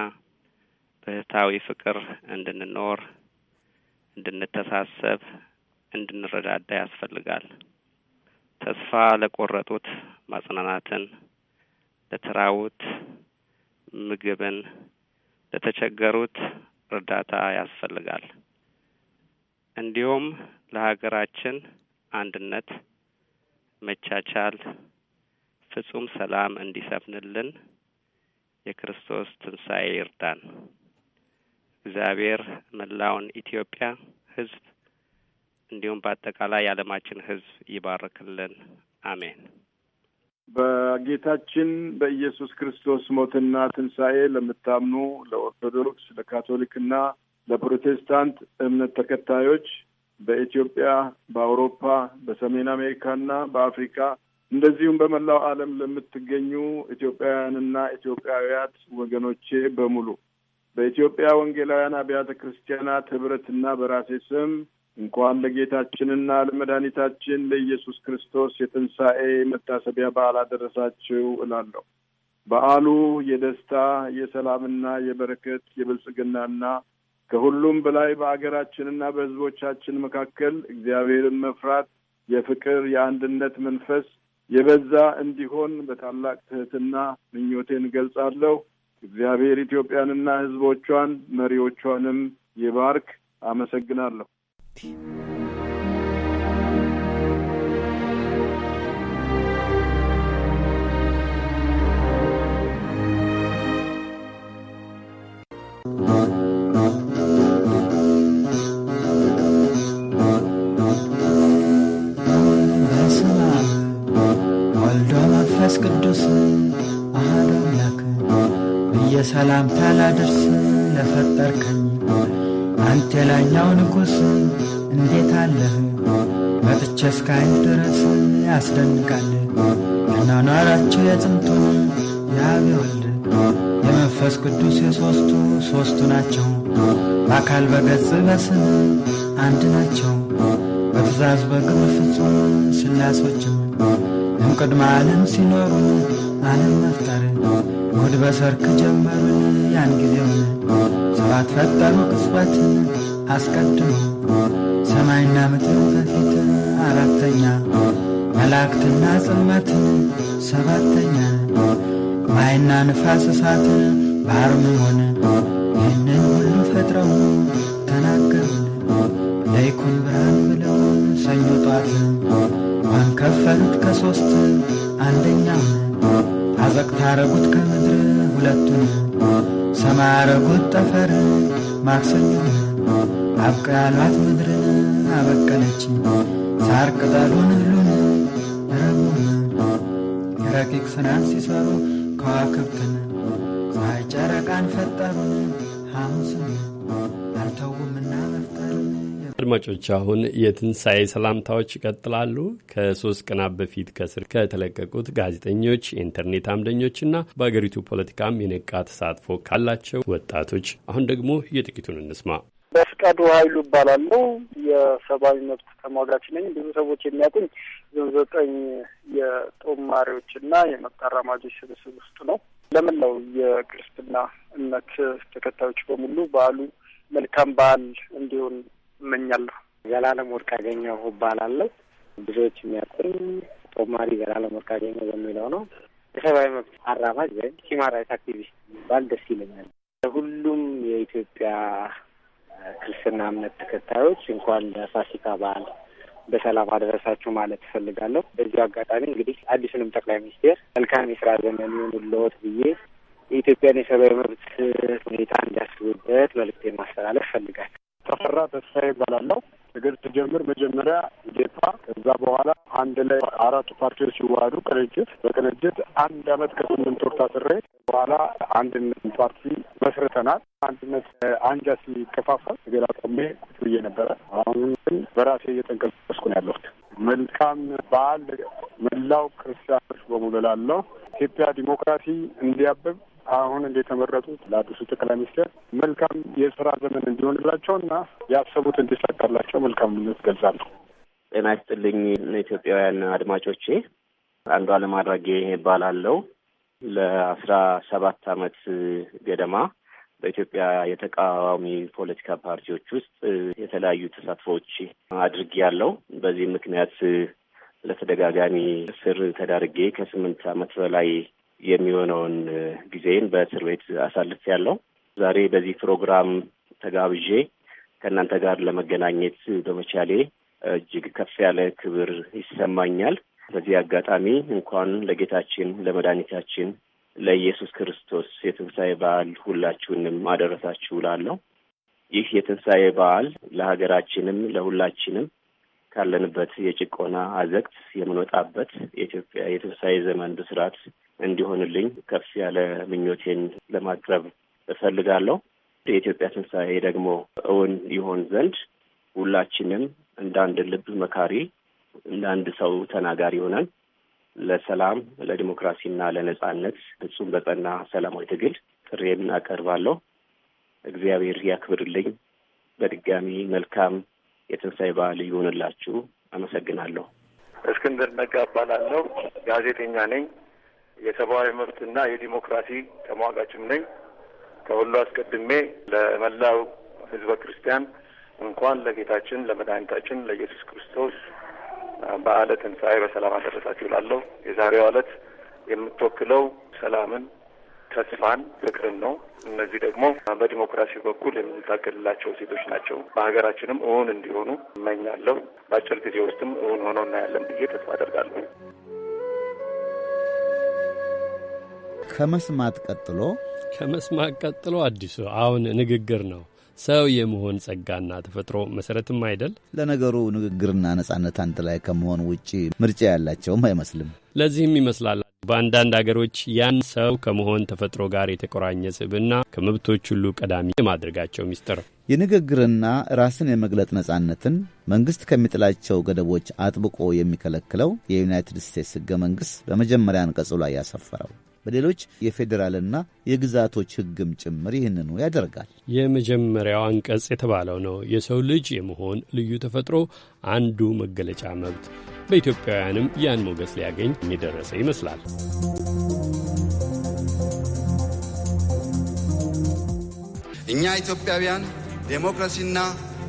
በእህታዊ ፍቅር እንድንኖር፣ እንድንተሳሰብ፣ እንድንረዳዳ ያስፈልጋል። ተስፋ ለቆረጡት ማጽናናትን፣ ለተራቡት ምግብን፣ ለተቸገሩት እርዳታ ያስፈልጋል። እንዲሁም ለሀገራችን አንድነት፣ መቻቻል፣ ፍጹም ሰላም እንዲሰፍንልን የክርስቶስ ትንሣኤ ይርዳን። እግዚአብሔር መላውን ኢትዮጵያ ሕዝብ እንዲሁም በአጠቃላይ የዓለማችን ሕዝብ ይባርክልን። አሜን። በጌታችን በኢየሱስ ክርስቶስ ሞትና ትንሣኤ ለምታምኑ ለኦርቶዶክስ፣ ለካቶሊክና ለፕሮቴስታንት እምነት ተከታዮች በኢትዮጵያ፣ በአውሮፓ፣ በሰሜን አሜሪካና በአፍሪካ እንደዚሁም በመላው ዓለም ለምትገኙ ኢትዮጵያውያንና ኢትዮጵያውያት ወገኖቼ በሙሉ በኢትዮጵያ ወንጌላውያን አብያተ ክርስቲያናት ህብረትና በራሴ ስም እንኳን ለጌታችንና ለመድኃኒታችን ለኢየሱስ ክርስቶስ የትንሣኤ መታሰቢያ በዓል አደረሳችሁ እላለሁ። በዓሉ የደስታ የሰላምና የበረከት የብልጽግናና ከሁሉም በላይ በአገራችንና በሕዝቦቻችን መካከል እግዚአብሔርን መፍራት፣ የፍቅር የአንድነት መንፈስ የበዛ እንዲሆን በታላቅ ትህትና ምኞቴን እንገልጻለሁ እግዚአብሔር ኢትዮጵያንና ሕዝቦቿን መሪዎቿንም ይባርክ። አመሰግናለሁ። ሰላምታ ላድርስ ለፈጠርከኝ አንተ የላይኛው ንጉሥ እንዴት አለህ? መጥቼ እስካይን ድረስ ያስደንቃል አኗኗራቸው የጥንቱ የአብ የወልድ የመንፈስ ቅዱስ የሦስቱ ሦስቱ ናቸው። በአካል በገጽ በስም አንድ ናቸው። በትእዛዝ በግብር ፍጹም ስላሶችም እምቅድመ ዓለም ሲኖሩ ዓለም መፍጠር ሆድ በሰርክ ጀመሩን ያን ጊዜውን ሰባት ፈጠሩ ቅጽበት አስቀድሞ ሰማይና ምድር በፊት አራተኛ መላእክትና ጽልመት ሰባተኛ ማይና ንፋስ እሳት ባርምሆን ይህንን ሁሉ ፈጥረው ተናገሩን ለይኩን ብርሃን ብለው ሰኞ ጧት ማን ከፈሉት ከሦስት አንደኛውን አዘቅታ አረጉት ከምድር ሁለቱን ሰማይ አረጉት ጠፈር ማክሰኞ አብቃ ምድር አበቀለች ሳር ቅጠሉን እህሉን ረቡን ረቂቅ ስራን ሲሰሩ ከዋክብትን ፀሐይ ጨረቃን ፈጠሩን ሐሙስን አልተውምና መፍጠ አድማጮች አሁን የትንሣኤ ሰላምታዎች ይቀጥላሉ። ከሶስት ቀናት በፊት ከስር ከተለቀቁት ጋዜጠኞች፣ የኢንተርኔት አምደኞችና በአገሪቱ ፖለቲካም የነቃ ተሳትፎ ካላቸው ወጣቶች አሁን ደግሞ የጥቂቱን እንስማ። በፍቃዱ ኃይሉ እባላለሁ። የሰብአዊ መብት ተሟጋች ነኝ። ብዙ ሰዎች የሚያውቁኝ ዞን ዘጠኝ የጦማሪዎችና የመብት አራማጆች ስብስብ ውስጥ ነው። ለምን ነው የክርስትና እምነት ተከታዮች በሙሉ በዓሉ መልካም በዓል እንዲሆን እመኛለሁ። ዘላለም ወርቅ ያገኘው እባላለሁ። ብዙዎች የሚያውቁኝ ጦማሪ ዘላለም ወርቅ ያገኘው በሚለው ነው። የሰብአዊ መብት አራማጅ ወይም ሂውማን ራይትስ አክቲቪስት የሚባል ደስ ይለኛል። ለሁሉም የኢትዮጵያ ክርስትና እምነት ተከታዮች እንኳን ለፋሲካ በዓል በሰላም አደረሳችሁ ማለት እፈልጋለሁ። በዚሁ አጋጣሚ እንግዲህ አዲሱንም ጠቅላይ ሚኒስቴር መልካም የስራ ዘመን ይሁንልዎት ብዬ የኢትዮጵያን የሰብአዊ መብት ሁኔታ እንዲያስቡበት መልዕክቴን ማስተላለፍ እፈልጋለሁ። ተፈራ ተስፋዬ እባላለሁ። ነገር ስጀምር መጀመሪያ ኢዴፓ ከዛ በኋላ አንድ ላይ አራቱ ፓርቲዎች ሲዋሃዱ ቅንጅት በቅንጅት አንድ አመት ከስምንት ወር ታስሬ በኋላ አንድነት ፓርቲ መስርተናል። አንድነት አንጃ ሲከፋፈል ገላ ቆሜ ቁጭ ብዬ ነበረ። አሁን ግን በራሴ እየተንቀሳቀስኩ ነው ያለሁት። መልካም በዓል መላው ክርስቲያኖች በሙሉ ላለው ኢትዮጵያ ዲሞክራሲ እንዲያብብ አሁን እንደተመረጡት ለአዲሱ ጠቅላይ ሚኒስትር መልካም የስራ ዘመን እንዲሆንላቸው እና ያሰቡት እንዲሳካላቸው መልካም ምኞት ገልጻለሁ። ጤና ይስጥልኝ ኢትዮጵያውያን አድማጮቼ፣ አንዷ አለም አድራጌ ይባላለው። ለአስራ ሰባት አመት ገደማ በኢትዮጵያ የተቃዋሚ ፖለቲካ ፓርቲዎች ውስጥ የተለያዩ ተሳትፎዎች አድርጌ ያለው በዚህ ምክንያት ለተደጋጋሚ እስር ተዳርጌ ከስምንት አመት በላይ የሚሆነውን ጊዜን በእስር ቤት አሳልፍ ያለው ዛሬ በዚህ ፕሮግራም ተጋብዤ ከእናንተ ጋር ለመገናኘት በመቻሌ እጅግ ከፍ ያለ ክብር ይሰማኛል። በዚህ አጋጣሚ እንኳን ለጌታችን ለመድኃኒታችን ለኢየሱስ ክርስቶስ የትንሣኤ በዓል ሁላችሁንም አደረሳችሁ እላለሁ። ይህ የትንሣኤ በዓል ለሀገራችንም ለሁላችንም ካለንበት የጭቆና አዘቅት የምንወጣበት የኢትዮጵያ የትንሣኤ ዘመን ብስራት እንዲሆንልኝ ከፍ ያለ ምኞቴን ለማቅረብ እፈልጋለሁ። የኢትዮጵያ ትንሣኤ ደግሞ እውን ይሆን ዘንድ ሁላችንም እንደ አንድ ልብ መካሪ፣ እንደ አንድ ሰው ተናጋሪ ሆነን ለሰላም ለዲሞክራሲና ለነጻነት ፍጹም በጸና ሰላማዊ ትግል ጥሬን አቀርባለሁ። እግዚአብሔር ያክብርልኝ። በድጋሚ መልካም የትንሣኤ በዓል ይሁንላችሁ። አመሰግናለሁ። እስክንድር ነጋ እባላለሁ። ጋዜጠኛ ነኝ። የሰብአዊ መብትና የዲሞክራሲ ተሟጋችም ነኝ። ከሁሉ አስቀድሜ ለመላው ህዝበ ክርስቲያን እንኳን ለጌታችን ለመድኃኒታችን ለኢየሱስ ክርስቶስ በዓለ ትንሣኤ በሰላም አደረሳችሁ እላለሁ። የዛሬው ዕለት የምትወክለው ሰላምን፣ ተስፋን፣ ፍቅርን ነው። እነዚህ ደግሞ በዲሞክራሲ በኩል የምንታገልላቸው ሴቶች ናቸው። በሀገራችንም እውን እንዲሆኑ እመኛለሁ። በአጭር ጊዜ ውስጥም እውን ሆኖ እናያለን ብዬ ተስፋ አደርጋለሁ። ከመስማት ቀጥሎ ከመስማት ቀጥሎ አዲሱ አሁን ንግግር ነው። ሰው የመሆን ጸጋና ተፈጥሮ መሰረትም አይደል? ለነገሩ ንግግርና ነጻነት አንድ ላይ ከመሆን ውጪ ምርጫ ያላቸውም አይመስልም። ለዚህም ይመስላል በአንዳንድ አገሮች ያን ሰው ከመሆን ተፈጥሮ ጋር የተቆራኘ ስብና ከመብቶች ሁሉ ቀዳሚ የማድረጋቸው ሚስጥር የንግግርና ራስን የመግለጥ ነጻነትን መንግሥት ከሚጥላቸው ገደቦች አጥብቆ የሚከለክለው የዩናይትድ ስቴትስ ሕገ መንግሥት በመጀመሪያ አንቀጹ ላይ ያሰፈረው በሌሎች የፌዴራልና የግዛቶች ሕግም ጭምር ይህንኑ ያደርጋል። የመጀመሪያው አንቀጽ የተባለው ነው የሰው ልጅ የመሆን ልዩ ተፈጥሮ አንዱ መገለጫ መብት። በኢትዮጵያውያንም ያን ሞገስ ሊያገኝ የደረሰ ይመስላል። እኛ ኢትዮጵያውያን ዴሞክራሲና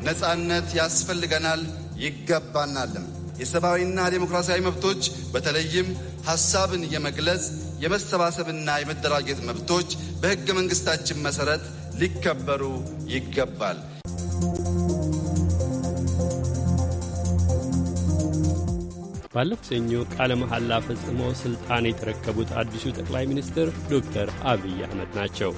ነጻነት ያስፈልገናል ይገባናልም። የሰብአዊና ዴሞክራሲያዊ መብቶች በተለይም ሀሳብን የመግለጽ የመሰባሰብና የመደራጀት መብቶች በሕገ መንግሥታችን መሠረት ሊከበሩ ይገባል። ባለፈው ሰኞ ቃለ መሐላ ፈጽሞ ሥልጣን የተረከቡት አዲሱ ጠቅላይ ሚኒስትር ዶክተር አብይ አህመድ ናቸው።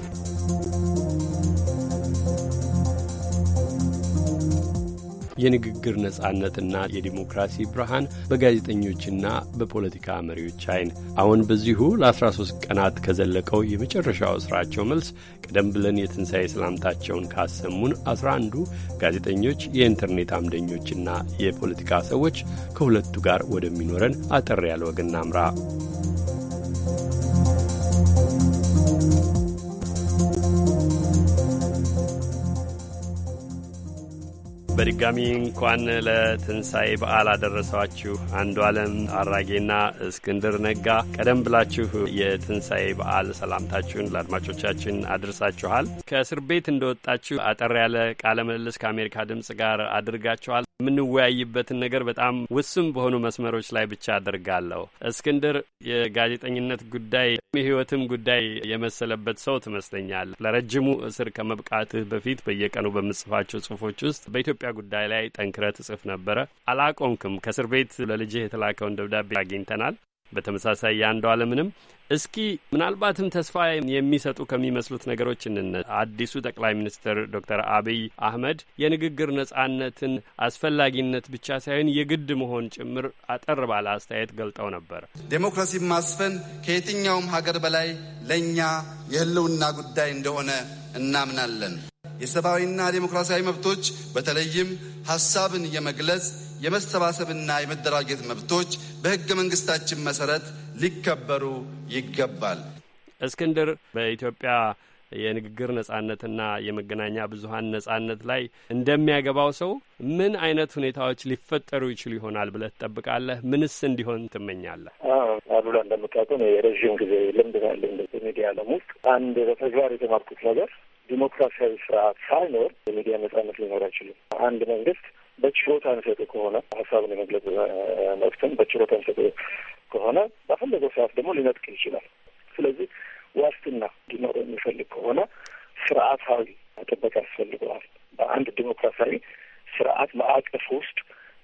የንግግር ነጻነትና የዲሞክራሲ ብርሃን በጋዜጠኞችና በፖለቲካ መሪዎች አይን አሁን በዚሁ ለ13 ቀናት ከዘለቀው የመጨረሻው ስራቸው መልስ ቀደም ብለን የትንሣኤ ሰላምታቸውን ካሰሙን 11ዱ ጋዜጠኞች፣ የኢንተርኔት አምደኞችና የፖለቲካ ሰዎች ከሁለቱ ጋር ወደሚኖረን አጠር ያለ ወግ እናምራ። በድጋሚ እንኳን ለትንሣኤ በዓል አደረሳችሁ። አንዱ ዓለም አራጌና እስክንድር ነጋ ቀደም ብላችሁ የትንሣኤ በዓል ሰላምታችሁን ለአድማጮቻችን አድርሳችኋል። ከእስር ቤት እንደወጣችሁ አጠር ያለ ቃለ ምልልስ ከአሜሪካ ድምፅ ጋር አድርጋችኋል። የምንወያይበትን ነገር በጣም ውስም በሆኑ መስመሮች ላይ ብቻ አድርጋለሁ። እስክንድር የጋዜጠኝነት ጉዳይ የህይወትም ጉዳይ የመሰለበት ሰው ትመስለኛል። ለረጅሙ እስር ከመብቃትህ በፊት በየቀኑ በምጽፋቸው ጽሁፎች ውስጥ በኢትዮጵያ ጉዳይ ላይ ጠንክረህ ትጽፍ ነበረ። አላቆምክም። ከእስር ቤት ለልጅህ የተላከውን ደብዳቤ አግኝተናል። በተመሳሳይ የአንዱ አለምንም እስኪ ምናልባትም ተስፋ የሚሰጡ ከሚመስሉት ነገሮች እንነ አዲሱ ጠቅላይ ሚኒስትር ዶክተር አብይ አህመድ የንግግር ነጻነትን አስፈላጊነት ብቻ ሳይሆን የግድ መሆን ጭምር አጠር ባለ አስተያየት ገልጠው ነበር። ዴሞክራሲን ማስፈን ከየትኛውም ሀገር በላይ ለእኛ የህልውና ጉዳይ እንደሆነ እናምናለን። የሰብአዊና ዴሞክራሲያዊ መብቶች በተለይም ሀሳብን የመግለጽ የመሰባሰብና የመደራጀት መብቶች በህገ መንግስታችን መሰረት ሊከበሩ ይገባል። እስክንድር በኢትዮጵያ የንግግር ነጻነትና የመገናኛ ብዙሀን ነጻነት ላይ እንደሚያገባው ሰው ምን አይነት ሁኔታዎች ሊፈጠሩ ይችሉ ይሆናል ብለህ ትጠብቃለህ? ምንስ እንዲሆን ትመኛለህ? አሉላ እንደምታውቀው የረዥም ጊዜ ልምድ ባለኝ ሚዲያ ዓለም ውስጥ አንድ በተግባር የተማርኩት ነገር ዲሞክራሲያዊ ስርዓት ሳይኖር የሚዲያ ነጻነት ሊኖር አይችልም። አንድ መንግስት በችሮታ የሚሰጥ ከሆነ ሀሳብን የመግለጽ መብትን በችሮታ የሚሰጥ ከሆነ በፈለገው ሰዓት ደግሞ ሊነጥቅ ይችላል። ስለዚህ ዋስትና ሊኖረው የሚፈልግ ከሆነ ስርዓታዊ ጥበቃ ያስፈልገዋል። በአንድ ዲሞክራሲያዊ ስርዓት ማዕቀፍ ውስጥ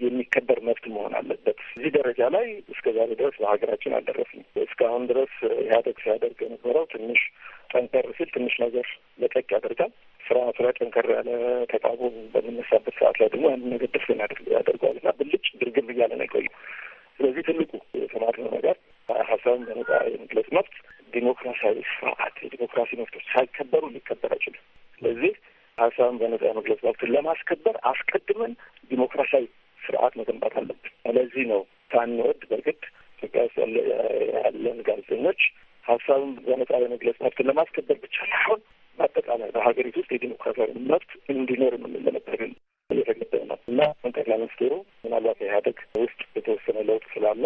የሚከበር መብት መሆን አለበት። እዚህ ደረጃ ላይ እስከ ዛሬ ድረስ በሀገራችን አልደረስም። እስካሁን ድረስ ኢህአዴግ ሲያደርግ የነበረው ትንሽ ጠንከር ሲል ትንሽ ነገር ለቀቅ ያደርጋል። ስርዓቱ ላይ ጠንከር ያለ ተቃውሞ በምነሳበት ሰዓት ላይ ደግሞ ያንን ነገር ደስ ያደርገዋል እና ብልጭ ድርግም እያለ ነው የቆየው። ስለዚህ ትልቁ የተማርነው ነገር ሀሳብን በነጻ የመግለጽ መብት ዲሞክራሲያዊ ስርዓት የዲሞክራሲ መብቶች ሳይከበሩ ሊከበር አይችልም። ስለዚህ ሀሳብን በነጻ የመግለጽ መብትን ለማስከበር አስቀድመን ዲሞክራሲያዊ ስርዓት መገንባት አለብን። ስለዚህ ነው ሳንወድ በእርግጥ ኢትዮጵያ ውስጥ ያለን ጋዜጠኞች ሀሳብን በነጻ በመግለጽ መብትን ለማስከበር ብቻ ሳይሆን በአጠቃላይ በሀገሪቱ ውስጥ የዲሞክራሲያዊ መብት እንዲኖር የምንለመጠግን እየተገደብ ነው እና ጠቅላይ ሚኒስትሩ ምናልባት ኢህአደግ ውስጥ የተወሰነ ለውጥ ስላለ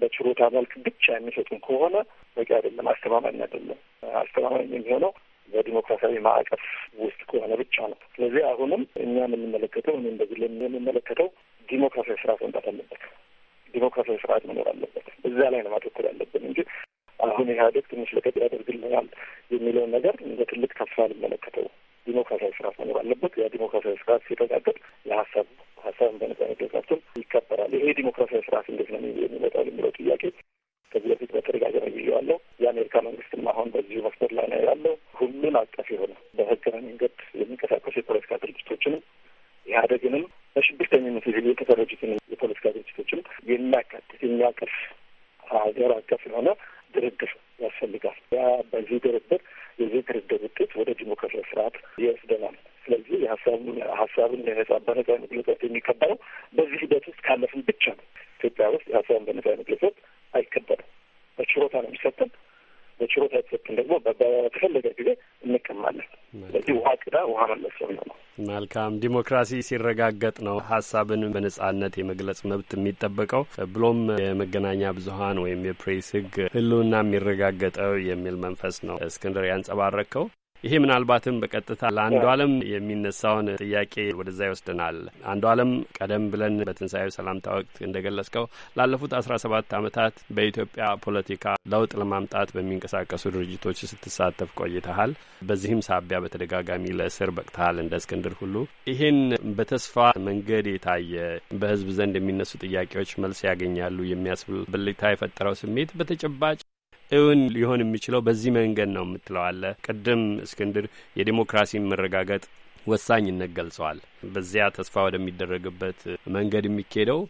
በችሮታ መልክ ብቻ የሚሰጡን ከሆነ በቂ አይደለም፣ አስተማማኝ አይደለም። አስተማማኝ የሚሆነው በዲሞክራሲያዊ ማዕቀፍ ውስጥ ከሆነ ብቻ ነው። ስለዚህ አሁንም እኛ የምንመለከተው እኔ እንደዚህ የምንመለከተው ዲሞክራሲያዊ ስርዓት መምጣት አለበት። ዲሞክራሲያዊ ስርዓት መኖር አለበት። እዛ ላይ ነው ማተኮር ያለብን እንጂ አሁን ኢህአዴግ ትንሽ ለቀጥ ያደርግልናል የሚለውን ነገር እንደ ትልቅ ተስፋ አልመለከተው። ዲሞክራሲያዊ ስርዓት መኖር አለበት። ያ ዲሞክራሲያዊ ስርዓት ሲረጋገጥ የሀሳብ ሀሳብን በነጻ መግለጻችን ይከበራል። ይሄ ዲሞክራሲያዊ ስርዓት እንዴት ነው የሚመጣው የሚለው ጥያቄ ከዚህ በፊት በተደጋጋሚ ብያለሁ። የአሜሪካ መንግስትም አሁን በዚሁ መስመር ላይ ነው ያለው። ሁሉን አቀፍ የሆነ በህገ መንገድ ድርጅትን የፖለቲካ ድርጅቶችም የሚያካትት የሚያቅፍ ሀገር አቀፍ የሆነ መልካም ዲሞክራሲ ሲረጋገጥ ነው ሀሳብን በነጻነት የመግለጽ መብት የሚጠበቀው ብሎም የመገናኛ ብዙሀን ወይም የፕሬስ ህግ ህልውና የሚረጋገጠው የሚል መንፈስ ነው እስክንድር ያንጸባረከው። ይሄ ምናልባትም በቀጥታ ለአንዱ አለም የሚነሳውን ጥያቄ ወደዛ ይወስደናል። አንዱ አለም ቀደም ብለን በትንሣኤ ሰላምታ ወቅት እንደገለጽከው ላለፉት አስራ ሰባት አመታት በኢትዮጵያ ፖለቲካ ለውጥ ለማምጣት በሚንቀሳቀሱ ድርጅቶች ስትሳተፍ ቆይተሃል። በዚህም ሳቢያ በተደጋጋሚ ለእስር በቅተሃል እንደ እስክንድር ሁሉ። ይሄን በተስፋ መንገድ የታየ በህዝብ ዘንድ የሚነሱ ጥያቄዎች መልስ ያገኛሉ የሚያስብል የፈጠረው ስሜት በተጨባጭ እውን ሊሆን የሚችለው በዚህ መንገድ ነው የምትለዋለ። ቅድም እስክንድር የዴሞክራሲን መረጋገጥ ወሳኝነት ገልጸዋል። በዚያ ተስፋ ወደሚደረግበት መንገድ የሚካሄደው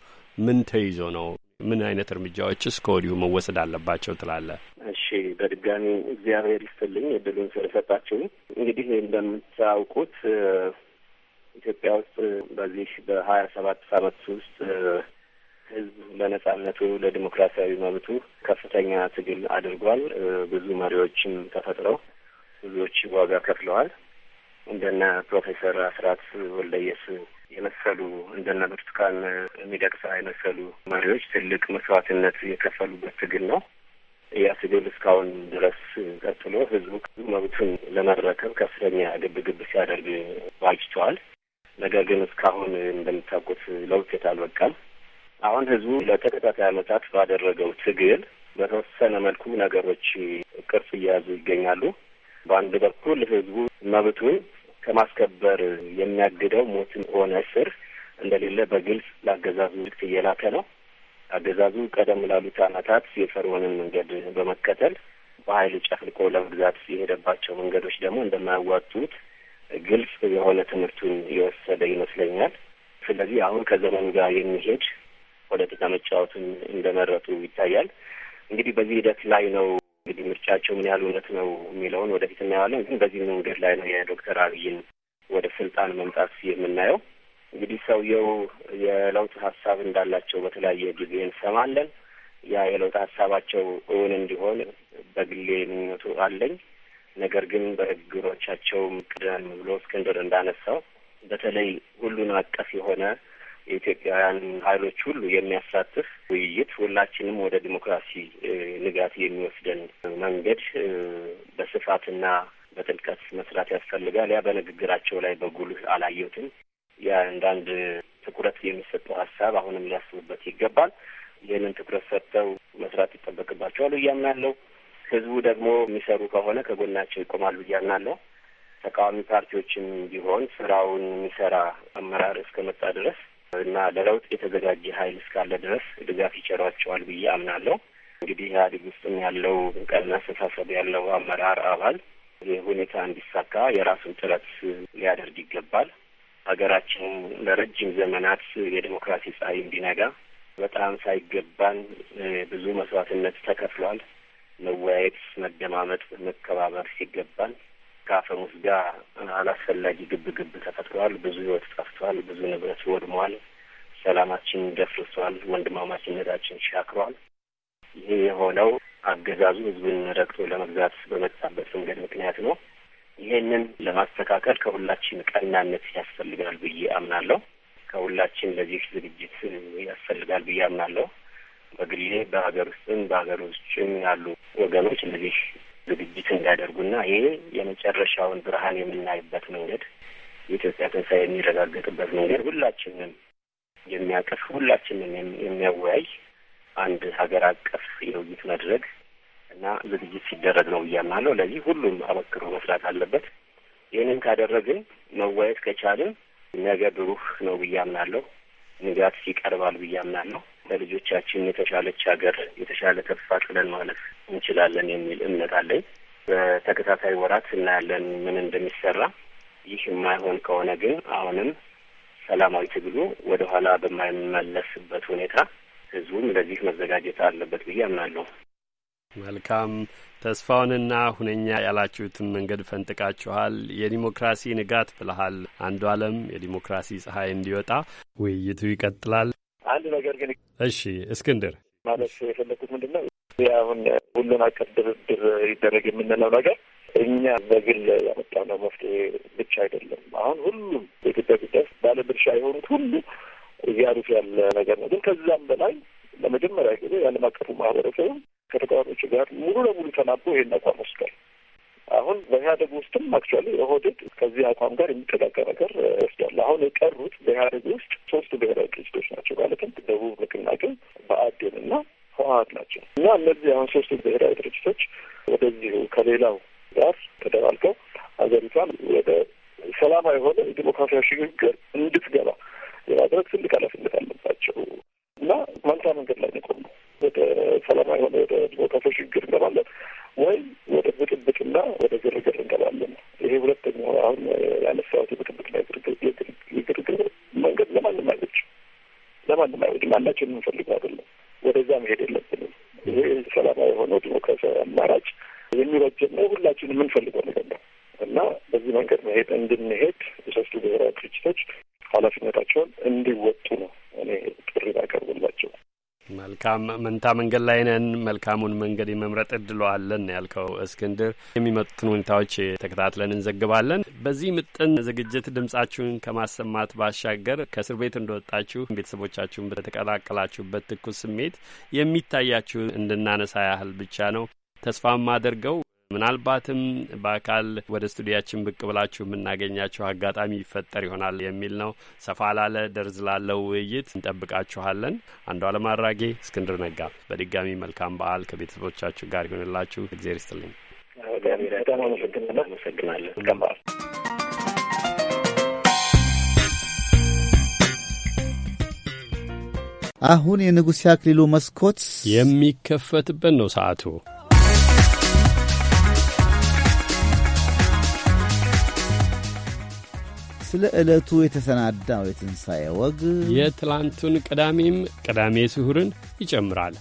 ምን ተይዞ ነው? ምን አይነት እርምጃዎችስ ከወዲሁ መወሰድ አለባቸው ትላለ? እሺ፣ በድጋሚ እግዚአብሔር ይስጥልኝ እድሉን ስለሰጣችሁ። እንግዲህ እንደምታውቁት ኢትዮጵያ ውስጥ በዚህ በሀያ ሰባት አመት ውስጥ ህዝብ ለነጻነቱ ለዲሞክራሲያዊ መብቱ ከፍተኛ ትግል አድርጓል። ብዙ መሪዎችም ተፈጥረው ብዙዎች ዋጋ ከፍለዋል። እንደነ ፕሮፌሰር አስራት ወልደየስ የመሰሉ እንደነ ብርቱካን ሚደቅሳ የመሰሉ መሪዎች ትልቅ መስዋዕትነት የከፈሉበት ትግል ነው። ያ ትግል እስካሁን ድረስ ቀጥሎ ህዝቡ መብቱን ለመረከብ ከፍተኛ ግብግብ ሲያደርግ ባጅተዋል። ነገር ግን እስካሁን እንደምታውቁት ለውጤት አልበቃም። አሁን ህዝቡ ለተከታታይ አመታት ባደረገው ትግል በተወሰነ መልኩ ነገሮች ቅርጽ እየያዙ ይገኛሉ። በአንድ በኩል ህዝቡ መብቱን ከማስከበር የሚያግደው ሞትም ሆነ እስር እንደሌለ በግልጽ ለአገዛዙ ልክት እየላከ ነው። አገዛዙ ቀደም ላሉት አመታት የፈርዖንን መንገድ በመከተል በኃይል ጨፍልቆ ለመግዛት የሄደባቸው መንገዶች ደግሞ እንደማያዋጡት ግልጽ የሆነ ትምህርቱን የወሰደ ይመስለኛል። ስለዚህ አሁን ከዘመኑ ጋር የሚሄድ ፖለቲካ መጫወቱን እንደመረጡ ይታያል። እንግዲህ በዚህ ሂደት ላይ ነው እንግዲህ ምርጫቸው ምን ያህል እውነት ነው የሚለውን ወደፊት እናየዋለን። ግን በዚህ መንገድ ላይ ነው የዶክተር አብይን ወደ ስልጣን መምጣት የምናየው። እንግዲህ ሰውየው የለውጥ ሀሳብ እንዳላቸው በተለያየ ጊዜ እንሰማለን። ያ የለውጥ ሀሳባቸው እውን እንዲሆን በግሌ ምኞቱ አለኝ። ነገር ግን በንግግሮቻቸው ቀደም ብሎ እስክንድር እንዳነሳው በተለይ ሁሉን አቀፍ የሆነ የኢትዮጵያውያን ኃይሎች ሁሉ የሚያሳትፍ ውይይት ሁላችንም ወደ ዲሞክራሲ ንጋት የሚወስደን መንገድ በስፋትና በጥልቀት መስራት ያስፈልጋል። ያ በንግግራቸው ላይ በጉልህ አላየሁትም። የአንዳንድ ትኩረት የሚሰጠው ሀሳብ አሁንም ሊያስቡበት ይገባል። ይህንን ትኩረት ሰጥተው መስራት ይጠበቅባቸዋል እያምናለሁ። ህዝቡ ደግሞ የሚሰሩ ከሆነ ከጎናቸው ይቆማሉ እያምናለሁ። ተቃዋሚ ፓርቲዎችም ቢሆን ስራውን የሚሰራ አመራር እስከመጣ ድረስ እና ለለውጥ የተዘጋጀ ኃይል እስካለ ድረስ ድጋፍ ይቸሯቸዋል ብዬ አምናለሁ። እንግዲህ ኢህአዴግ ውስጥም ያለው ቀና አስተሳሰብ ያለው አመራር አባል ይህ ሁኔታ እንዲሳካ የራሱን ጥረት ሊያደርግ ይገባል። ሀገራችን ለረጅም ዘመናት የዴሞክራሲ ፀሐይ እንዲነጋ በጣም ሳይገባን ብዙ መስዋዕትነት ተከፍሏል። መወያየት፣ መደማመጥ፣ መከባበር ሲገባን ከአፈሙዝ ጋር አላስፈላጊ ግብ ግብ ተፈጥረዋል። ብዙ ህይወት ጠፍተዋል። ብዙ ንብረት ወድመዋል። ሰላማችን ደፍርሷል። ወንድማማችነታችን ሻክሯል። ይሄ የሆነው አገዛዙ ህዝብን ረግጦ ለመግዛት በመጣበት መንገድ ምክንያት ነው። ይሄንን ለማስተካከል ከሁላችን ቀናነት ያስፈልጋል ብዬ አምናለሁ። ከሁላችን ለዚህ ዝግጅት ያስፈልጋል ብዬ አምናለሁ። በግሌ በሀገር ውስጥም በሀገር ውጭም ያሉ ወገኖች ለዚህ ዝግጅት እንዲያደርጉና ይሄ የመጨረሻውን ብርሃን የምናይበት መንገድ የኢትዮጵያ ትንሣኤ የሚረጋገጥበት መንገድ ሁላችንም የሚያቀፍ ሁላችንም የሚያወያይ አንድ ሀገር አቀፍ የውይይት መድረክ እና ዝግጅት ሲደረግ ነው ብዬ አምናለሁ። ለዚህ ሁሉም አበክሮ መስራት አለበት። ይህንን ካደረግን መዋየት ከቻልን ነገ ብሩህ ነው ብዬ አምናለሁ። ንጋት ይቀርባል ብዬ አምናለሁ። ለልጆቻችን የተሻለች ሀገር የተሻለ ተስፋ ጥለን ማለፍ እንችላለን የሚል እምነት አለኝ። በተከታታይ ወራት እናያለን ምን እንደሚሰራ። ይህ የማይሆን ከሆነ ግን አሁንም ሰላማዊ ትግሉ ወደ ኋላ በማይመለስበት ሁኔታ ህዝቡም ለዚህ መዘጋጀት አለበት ብዬ አምናለሁ። መልካም ተስፋውንና ሁነኛ ያላችሁትን መንገድ ፈንጥቃችኋል። የዲሞክራሲ ንጋት ብልሃል አንዱ አለም የዲሞክራሲ ፀሐይ እንዲወጣ ውይይቱ ይቀጥላል። አንድ ነገር ግን እሺ፣ እስክንድር ማለት የፈለግኩት ምንድን ነው አሁን ሁሉን አቀፍ ድርድር ይደረግ የምንለው ነገር እኛ በግል ያመጣነው መፍትሄ ብቻ አይደለም። አሁን ሁሉም የኢትዮጵያ ጉዳይ ውስጥ የሆኑት ሁሉ እያሉት ያለ ነገር ነው። ግን ከዛም በላይ ለመጀመሪያ ጊዜ የዓለም አቀፉ ማህበረሰብም ከተቃዋሚዎች ጋር ሙሉ ለሙሉ ተናቦ ይሄን አቋም ወስዷል። አሁን በኢህአደግ ውስጥም አክቹዋሊ ኦህዴድ ከዚህ አቋም ጋር የሚጠጋጋ ነገር ወስዷል። አሁን የቀሩት በኢህአደግ ውስጥ ሶስቱ ብሔራዊ ድርጅቶች ናቸው። ማለትም ደቡብ ንቅናቄ፣ ብአዴን እና ህወሀት ናቸው እና እነዚህ አሁን ሶስቱ ብሔራዊ ድርጅቶች ወደዚሁ ከሌላው ጋር ተደባልቀው ሀገሪቷን ወደ ሰላማዊ የሆነ የዲሞክራሲያዊ ሽግግር እንድትገባ የማድረግ ትልቅ ኃላፊነት አለባቸው። እና መልካም መንገድ ላይ ቆም ወደ ሰላማዊ የሆነ ወደ ቦታቶ ሽግግር እንገባለን ወይ ወደ ብጥብጥና ወደ ግርግር እንገባለን። ይሄ ሁለተኛው አሁን ያነሳሁት የብጥብጥና የግርግር መንገድ ለማንም አይመችም፣ ለማንም አይወድም። አንዳችን የምንፈልግ አይደለም። ወደዛ መሄድ የለብንም። ይሄ ሰላማዊ የሆነው ዲሞክራሲያዊ አማራጭ የሚበጀን ነው፣ ሁላችን የምንፈልገው ነገር ነው እና በዚህ መንገድ መሄድ እንድንሄድ የሶስቱ ብሔራዊ ድርጅቶች ኃላፊነታቸውን እንዲወጡ ነው እኔ ጥሪ ባቀርብላቸው። መልካም መንታ መንገድ ላይ ነን። መልካሙን መንገድ የመምረጥ እድሎ አለን ያልከው እስክንድር፣ የሚመጡትን ሁኔታዎች ተከታትለን እንዘግባለን። በዚህ ምጥን ዝግጅት ድምጻችሁን ከማሰማት ባሻገር ከእስር ቤት እንደወጣችሁ ቤተሰቦቻችሁን በተቀላቀላችሁበት ትኩስ ስሜት የሚታያችሁ እንድናነሳ ያህል ብቻ ነው። ተስፋም አድርገው ምናልባትም በአካል ወደ ስቱዲያችን ብቅ ብላችሁ የምናገኛችሁ አጋጣሚ ይፈጠር ይሆናል የሚል ነው። ሰፋ ላለ ደርዝ ላለው ውይይት እንጠብቃችኋለን። አንዷ አለም አራጌ፣ እስክንድር ነጋ፣ በድጋሚ መልካም በዓል ከቤተሰቦቻችሁ ጋር ይሆንላችሁ። እግዜር ይስጥልኝ። በጣም አሁን የንጉሴ አክሊሉ መስኮት የሚከፈትበት ነው ሰዓቱ። ስለ ዕለቱ የተሰናዳው የትንሣኤ ወግ የትላንቱን ቅዳሜም ቅዳሜ ስሁርን ይጨምራል።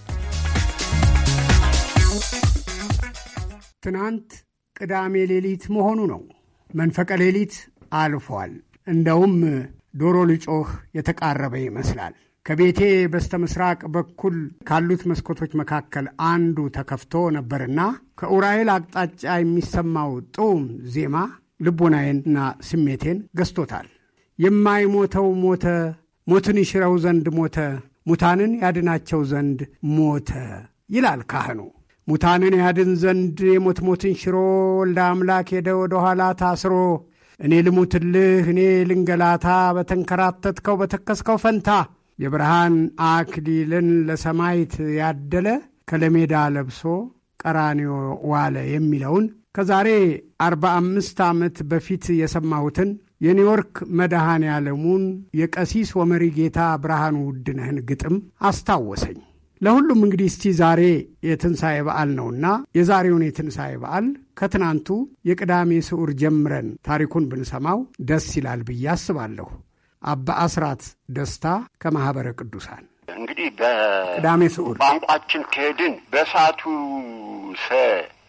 ትናንት ቅዳሜ ሌሊት መሆኑ ነው። መንፈቀ ሌሊት አልፏል። እንደውም ዶሮ ልጮህ የተቃረበ ይመስላል። ከቤቴ በስተ ምስራቅ በኩል ካሉት መስኮቶች መካከል አንዱ ተከፍቶ ነበርና ከኡራኤል አቅጣጫ የሚሰማው ጡም ዜማ ልቦናዬንና ስሜቴን ገዝቶታል። የማይሞተው ሞተ፣ ሞትን ይሽረው ዘንድ ሞተ፣ ሙታንን ያድናቸው ዘንድ ሞተ ይላል ካህኑ። ሙታንን ያድን ዘንድ የሞት ሞትን ሽሮ ወልደ አምላክ ሄደ ወደ ኋላ ታስሮ እኔ ልሙትልህ እኔ ልንገላታ በተንከራተትከው በተከስከው ፈንታ የብርሃን አክሊልን ለሰማይት ያደለ ከለሜዳ ለብሶ ቀራንዮ ዋለ የሚለውን ከዛሬ 45 ዓመት በፊት የሰማሁትን የኒውዮርክ መድኃኔ ዓለሙን የቀሲስ ወመሪ ጌታ ብርሃኑ ውድነህን ግጥም አስታወሰኝ። ለሁሉም እንግዲህ እስቲ ዛሬ የትንሣኤ በዓል ነውና የዛሬውን የትንሣኤ በዓል ከትናንቱ የቅዳሜ ስዑር ጀምረን ታሪኩን ብንሰማው ደስ ይላል ብዬ አስባለሁ። አባ አስራት ደስታ ከማኅበረ ቅዱሳን እንግዲህ በቅዳሜ ስዑር ቋንቋችን ከሄድን በሳቱ ሰ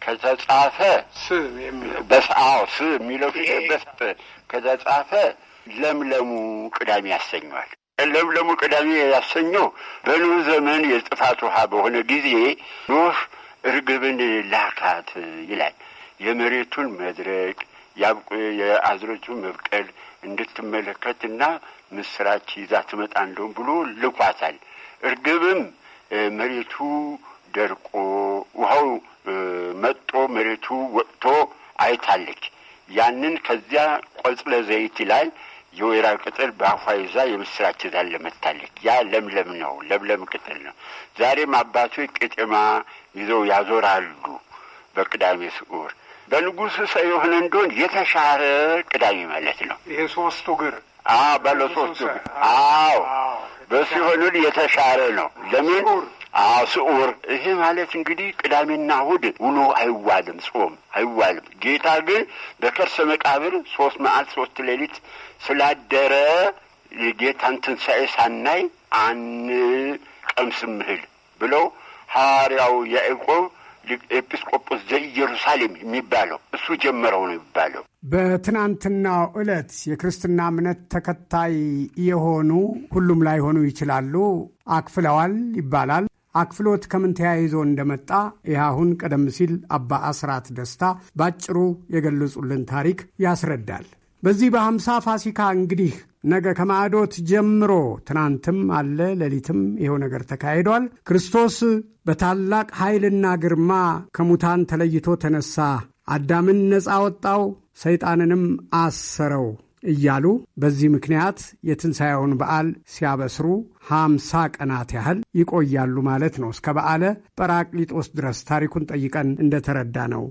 ከተጻፈ በሰአው ስ የሚለው ፊደል ከተጻፈ ለምለሙ ቅዳሜ ያሰኘዋል። ለምለሙ ቅዳሜ ያሰኘው በኖህ ዘመን የጥፋት ውሃ በሆነ ጊዜ ኖህ እርግብን ላካት ይላል። የመሬቱን መድረቅ የአዝረቱን መብቀል እንድትመለከትና ምስራች ይዛ ትመጣ እንደውም ብሎ ልኳታል። እርግብም መሬቱ ደርቆ ውሃው መጦ መሬቱ ወጥቶ አይታለች። ያንን ከዚያ ቆጽለ ዘይት ይላል የወይራ ቅጠል በአፏ ይዛ የምስራች ዛን ለመታለች። ያ ለምለም ነው፣ ለምለም ቅጠል ነው። ዛሬም አባቶች ቄጤማ ይዘው ያዞራሉ በቅዳሜ ስዑር። በንጉሥ ሰ የሆነ እንደሆን የተሻረ ቅዳሜ ማለት ነው። ይሄ ሶስቱ ግር ባለ ሶስቱ አዎ፣ በሱ የሆኑን የተሻረ ነው ለምን አስዑር። ይሄ ማለት እንግዲህ ቅዳሜና እሁድ ውሎ አይዋልም፣ ጾም አይዋልም። ጌታ ግን በከርሰ መቃብር ሶስት መዓልት ሶስት ሌሊት ስላደረ የጌታን ትንሣኤ ሳናይ አንቀምስም እህል ብለው ሐዋርያው ያዕቆብ ኤጲስቆጶስ ዘኢየሩሳሌም የሚባለው እሱ ጀመረው ነው የሚባለው። በትናንትናው ዕለት የክርስትና እምነት ተከታይ የሆኑ ሁሉም ላይሆኑ ይችላሉ፣ አክፍለዋል ይባላል። አክፍሎት ከምን ተያይዞ እንደመጣ ይህ አሁን ቀደም ሲል አባ አስራት ደስታ ባጭሩ የገለጹልን ታሪክ ያስረዳል። በዚህ በሐምሳ ፋሲካ እንግዲህ ነገ ከማዕዶት ጀምሮ ትናንትም አለ ሌሊትም ይኸው ነገር ተካሂዷል። ክርስቶስ በታላቅ ኃይልና ግርማ ከሙታን ተለይቶ ተነሳ፣ አዳምን ነፃ ወጣው፣ ሰይጣንንም አሰረው እያሉ በዚህ ምክንያት የትንሣኤውን በዓል ሲያበስሩ ሀምሳ ቀናት ያህል ይቆያሉ ማለት ነው። እስከ በዓለ ጰራቅሊጦስ ድረስ ታሪኩን ጠይቀን እንደተረዳ ነው።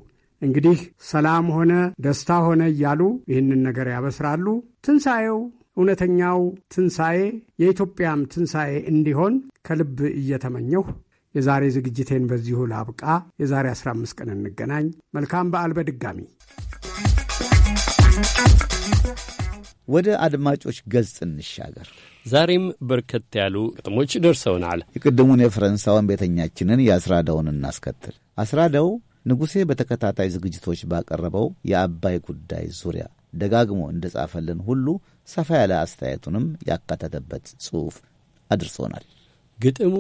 እንግዲህ ሰላም ሆነ ደስታ ሆነ እያሉ ይህንን ነገር ያበስራሉ። ትንሣኤው እውነተኛው ትንሣኤ የኢትዮጵያም ትንሣኤ እንዲሆን ከልብ እየተመኘሁ የዛሬ ዝግጅቴን በዚሁ ላብቃ። የዛሬ 15 ቀን እንገናኝ። መልካም በዓል በድጋሚ ወደ አድማጮች ገጽ እንሻገር። ዛሬም በርከት ያሉ ግጥሞች ደርሰውናል። የቅድሙን የፈረንሳውን ቤተኛችንን የአስራዳውን እናስከትል። አስራዳው ንጉሴ በተከታታይ ዝግጅቶች ባቀረበው የአባይ ጉዳይ ዙሪያ ደጋግሞ ጻፈልን ሁሉ ሰፋ ያለ አስተያየቱንም ያካተተበት ጽሑፍ አድርሶናል። ግጥሙ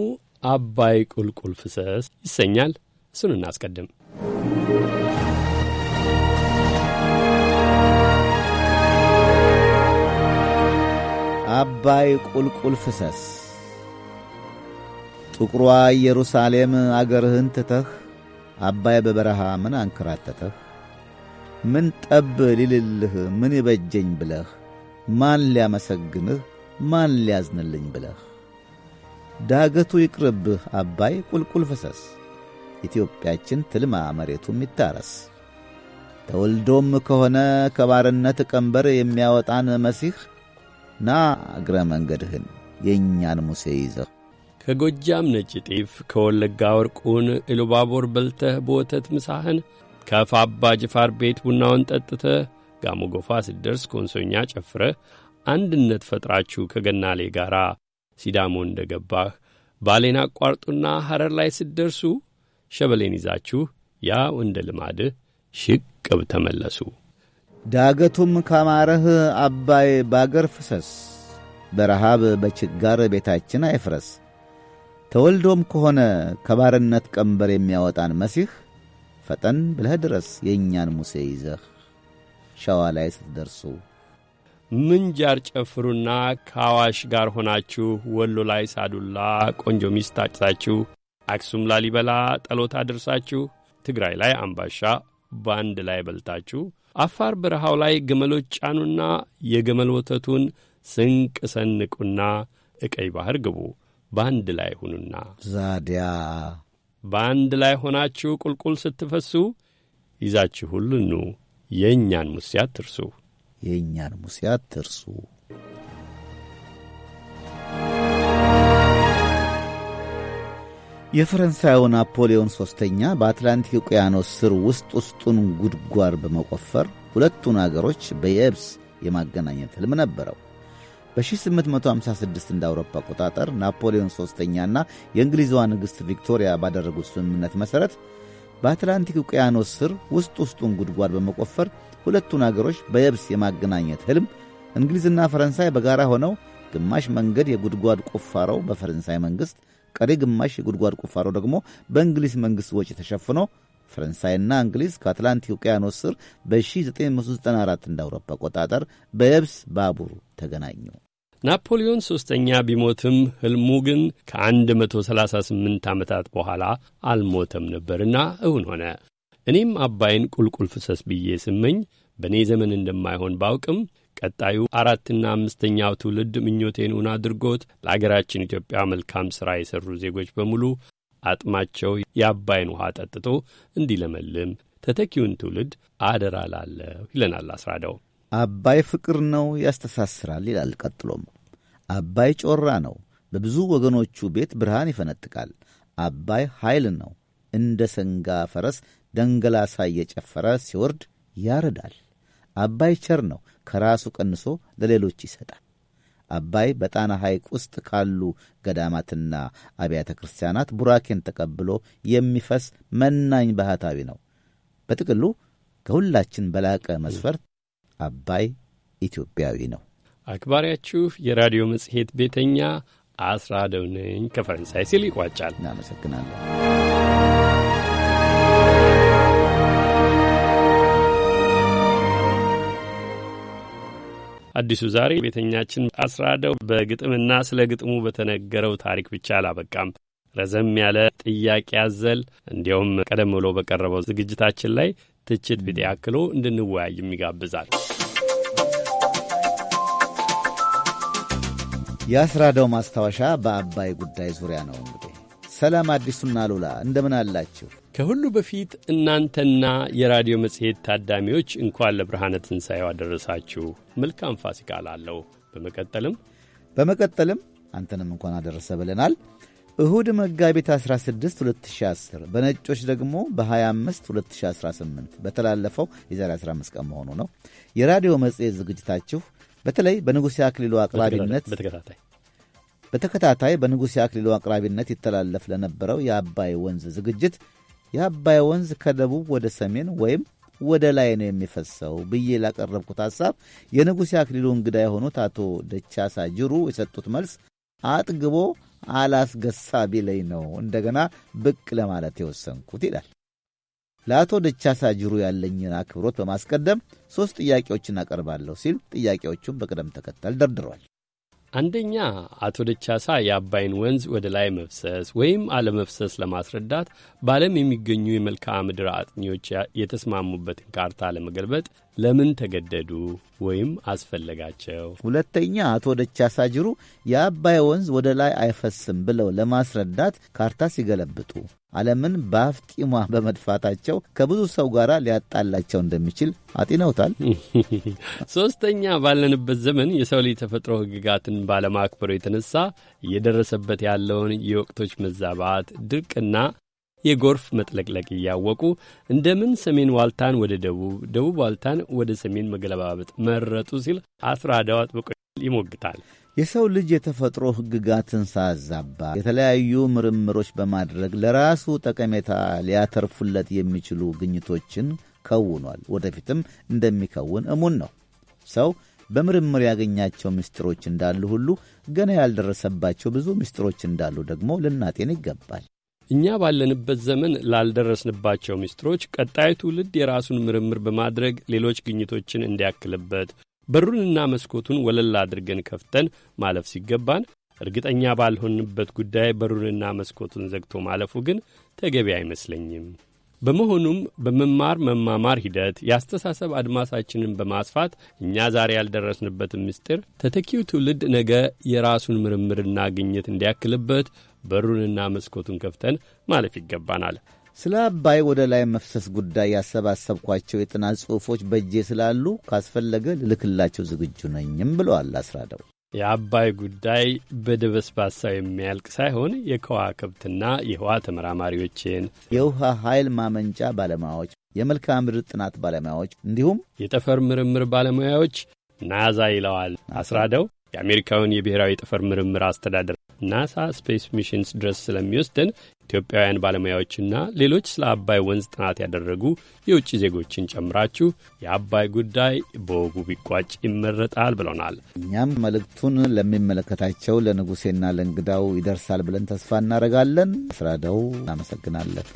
አባይ ቁልቁል ፍሰስ ይሰኛል። እሱን እናስቀድም። አባይ ቁልቁል ፍሰስ ጥቁሯ ኢየሩሳሌም አገርህን ትተህ አባይ በበረሃ ምን አንከራተተህ? ምን ጠብ ሊልልህ ምን ይበጀኝ ብለህ ማን ሊያመሰግንህ ማን ሊያዝንልኝ ብለህ ዳገቱ ይቅርብህ አባይ ቁልቁል ፍሰስ ኢትዮጵያችን ትልማ መሬቱም ይታረስ። ተወልዶም ከሆነ ከባርነት ቀንበር የሚያወጣን መሲህ ና እግረ መንገድህን የእኛን ሙሴ ይዘህ ከጎጃም ነጭ ጤፍ ከወለጋ ወርቁን እሉባቦር በልተህ በወተት ምሳህን ከፋባ ጅፋር ቤት ቡናውን ጠጥተህ ጋሞ ጎፋ ስደርስ ኮንሶኛ ጨፍረህ አንድነት ፈጥራችሁ ከገናሌ ጋር ሲዳሞ እንደ ገባህ ባሌን አቋርጡና ሐረር ላይ ስደርሱ ሸበሌን ይዛችሁ ያው እንደ ልማድህ ሽቅብ ተመለሱ። ዳገቱም ካማረህ አባይ ባገር ፍሰስ፣ በረሃብ በችጋር ቤታችን አይፍረስ። ተወልዶም ከሆነ ከባርነት ቀንበር የሚያወጣን መሲህ ፈጠን ብለህ ድረስ የእኛን ሙሴ ይዘህ ሸዋ ላይ ስትደርሱ ምንጃር ጨፍሩና ከአዋሽ ጋር ሆናችሁ ወሎ ላይ ሳዱላ ቆንጆ ሚስት ታጭታችሁ አክሱም ላሊበላ ጠሎታ ደርሳችሁ ትግራይ ላይ አምባሻ በአንድ ላይ በልታችሁ አፋር በረሃው ላይ ግመሎች ጫኑና የግመል ወተቱን ስንቅ ሰንቁና እቀይ ባህር ግቡ፣ በአንድ ላይ ሁኑና ዛዲያ በአንድ ላይ ሆናችሁ ቁልቁል ስትፈሱ ይዛችሁ ሁሉኑ የእኛን ሙሴ አትርሱ፣ የእኛን ሙሴ አትርሱ። የፈረንሳዩ ናፖሊዮን ሦስተኛ በአትላንቲክ ውቅያኖስ ስር ውስጥ ውስጡን ጉድጓድ በመቆፈር ሁለቱን አገሮች በየብስ የማገናኘት ሕልም ነበረው። በ1856 እንደ አውሮፓ አቆጣጠር ናፖሊዮን ሦስተኛና የእንግሊዟ ንግሥት ቪክቶሪያ ባደረጉት ስምምነት መሠረት በአትላንቲክ ውቅያኖስ ስር ውስጥ ውስጡን ጉድጓድ በመቆፈር ሁለቱን አገሮች በየብስ የማገናኘት ሕልም እንግሊዝና ፈረንሳይ በጋራ ሆነው ግማሽ መንገድ የጉድጓድ ቁፋሮው በፈረንሳይ መንግሥት ቀሪ ግማሽ የጉድጓድ ቁፋሮ ደግሞ በእንግሊዝ መንግሥት ወጪ ተሸፍኖ ፈረንሳይና እንግሊዝ ከአትላንቲክ ውቅያኖስ ስር በ1994 እንደ አውሮፓ አቆጣጠር በየብስ ባቡር ተገናኙ። ናፖሊዮን ሦስተኛ ቢሞትም ሕልሙ ግን ከ138 ዓመታት በኋላ አልሞተም ነበርና እውን ሆነ። እኔም አባይን ቁልቁል ፍሰስ ብዬ ስመኝ በእኔ ዘመን እንደማይሆን ባውቅም ቀጣዩ አራትና አምስተኛው ትውልድ ምኞቴን እውን አድርጎት ለአገራችን ኢትዮጵያ መልካም ሥራ የሠሩ ዜጎች በሙሉ አጥማቸው የአባይን ውሃ ጠጥቶ እንዲለመልም ተተኪውን ትውልድ አደራ ላለሁ ይለናል አስራደው። አባይ ፍቅር ነው ያስተሳስራል ይላል። ቀጥሎም አባይ ጮራ ነው፣ በብዙ ወገኖቹ ቤት ብርሃን ይፈነጥቃል። አባይ ኃይል ነው፣ እንደ ሰንጋ ፈረስ ደንገላሳ እየጨፈረ ሲወርድ ያረዳል። አባይ ቸር ነው፣ ከራሱ ቀንሶ ለሌሎች ይሰጣል። አባይ በጣና ሐይቅ ውስጥ ካሉ ገዳማትና አብያተ ክርስቲያናት ቡራኬን ተቀብሎ የሚፈስ መናኝ ባህታዊ ነው። በጥቅሉ ከሁላችን በላቀ መስፈርት አባይ ኢትዮጵያዊ ነው። አክባሪያችሁ የራዲዮ መጽሔት ቤተኛ አስራ ደውነኝ ከፈረንሳይ ሲል ይቋጫል። እናመሰግናለን። አዲሱ ዛሬ ቤተኛችን አስራደው በግጥምና ስለ ግጥሙ በተነገረው ታሪክ ብቻ አላበቃም። ረዘም ያለ ጥያቄ አዘል እንዲያውም ቀደም ብሎ በቀረበው ዝግጅታችን ላይ ትችት ቢጤ አክሎ እንድንወያይም ይጋብዛል። የአስራደው ማስታወሻ በአባይ ጉዳይ ዙሪያ ነው። እንግዲህ ሰላም አዲሱና አሉላ እንደምን አላችሁ? ከሁሉ በፊት እናንተና የራዲዮ መጽሔት ታዳሚዎች እንኳን ለብርሃነ ትንሣኤው አደረሳችሁ። መልካም ፋሲካ ላለው በመቀጠልም በመቀጠልም አንተንም እንኳን አደረሰ ብለናል። እሁድ መጋቢት 16 2010 በነጮች ደግሞ በ25 2018 በተላለፈው የዛሬ 15 ቀን መሆኑ ነው። የራዲዮ መጽሔት ዝግጅታችሁ በተለይ በንጉሴ አክሊሉ አቅራቢነት በተከታታይ በተከታታይ በንጉሥ የአክሊሉ አቅራቢነት ይተላለፍ ለነበረው የአባይ ወንዝ ዝግጅት የአባይ ወንዝ ከደቡብ ወደ ሰሜን ወይም ወደ ላይ ነው የሚፈሰው ብዬ ላቀረብኩት ሐሳብ የንጉሥ የአክሊሉ እንግዳ የሆኑት አቶ ደቻሳ ጅሩ የሰጡት መልስ አጥግቦ አላስገሳ ቢለኝ ነው እንደገና ብቅ ለማለት የወሰንኩት ይላል። ለአቶ ደቻሳ ጅሩ ያለኝን አክብሮት በማስቀደም ሦስት ጥያቄዎችን አቀርባለሁ ሲል ጥያቄዎቹን በቅደም ተከተል ደርድሯል። አንደኛ አቶ ደቻሳ የአባይን ወንዝ ወደ ላይ መፍሰስ ወይም አለመፍሰስ ለማስረዳት በዓለም የሚገኙ የመልክዓ ምድር አጥኚዎች የተስማሙበትን ካርታ ለመገልበጥ ለምን ተገደዱ ወይም አስፈለጋቸው? ሁለተኛ አቶ ደቻሳ ጅሩ የአባይ ወንዝ ወደ ላይ አይፈስም ብለው ለማስረዳት ካርታ ሲገለብጡ ዓለምን በአፍጢሟ በመድፋታቸው ከብዙ ሰው ጋር ሊያጣላቸው እንደሚችል አጢነውታል። ሦስተኛ ባለንበት ዘመን የሰው ልጅ ተፈጥሮ ሕግጋትን ባለማክበሩ የተነሳ እየደረሰበት ያለውን የወቅቶች መዛባት፣ ድርቅና የጎርፍ መጥለቅለቅ እያወቁ እንደምን ሰሜን ዋልታን ወደ ደቡብ፣ ደቡብ ዋልታን ወደ ሰሜን መገለባበጥ መረጡ ሲል አስራ አጥብቆ ይሞግታል። የሰው ልጅ የተፈጥሮ ሕግጋትን ሳያዛባ የተለያዩ ምርምሮች በማድረግ ለራሱ ጠቀሜታ ሊያተርፉለት የሚችሉ ግኝቶችን ከውኗል። ወደፊትም እንደሚከውን እሙን ነው። ሰው በምርምር ያገኛቸው ምስጢሮች እንዳሉ ሁሉ ገና ያልደረሰባቸው ብዙ ምስጢሮች እንዳሉ ደግሞ ልናጤን ይገባል። እኛ ባለንበት ዘመን ላልደረስንባቸው ምስጢሮች ቀጣዩ ትውልድ የራሱን ምርምር በማድረግ ሌሎች ግኝቶችን እንዲያክልበት በሩንና መስኮቱን ወለል አድርገን ከፍተን ማለፍ ሲገባን እርግጠኛ ባልሆንበት ጉዳይ በሩንና መስኮቱን ዘግቶ ማለፉ ግን ተገቢ አይመስለኝም። በመሆኑም በመማር መማማር ሂደት የአስተሳሰብ አድማሳችንን በማስፋት እኛ ዛሬ ያልደረስንበትን ምስጢር ተተኪው ትውልድ ነገ የራሱን ምርምርና ግኝት እንዲያክልበት በሩንና መስኮቱን ከፍተን ማለፍ ይገባናል። ስለ አባይ ወደ ላይ መፍሰስ ጉዳይ ያሰባሰብኳቸው የጥናት ጽሑፎች በእጄ ስላሉ ካስፈለገ ልልክላቸው ዝግጁ ነኝም ብለዋል አስራደው። የአባይ ጉዳይ በደበስባሳው የሚያልቅ ሳይሆን የከዋክብትና የህዋ ተመራማሪዎችን፣ የውሃ ኃይል ማመንጫ ባለሙያዎች፣ የመልክዓ ምድር ጥናት ባለሙያዎች እንዲሁም የጠፈር ምርምር ባለሙያዎች ናዛ ይለዋል አስራደው የአሜሪካውን የብሔራዊ ጠፈር ምርምር አስተዳደር ናሳ ስፔስ ሚሽንስ ድረስ ስለሚወስደን ኢትዮጵያውያን ባለሙያዎችና ሌሎች ስለ አባይ ወንዝ ጥናት ያደረጉ የውጭ ዜጎችን ጨምራችሁ የአባይ ጉዳይ በወጉ ቢቋጭ ይመረጣል ብለናል። እኛም መልእክቱን ለሚመለከታቸው ለንጉሴና ለእንግዳው ይደርሳል ብለን ተስፋ እናደርጋለን። አስራደው እናመሰግናለን።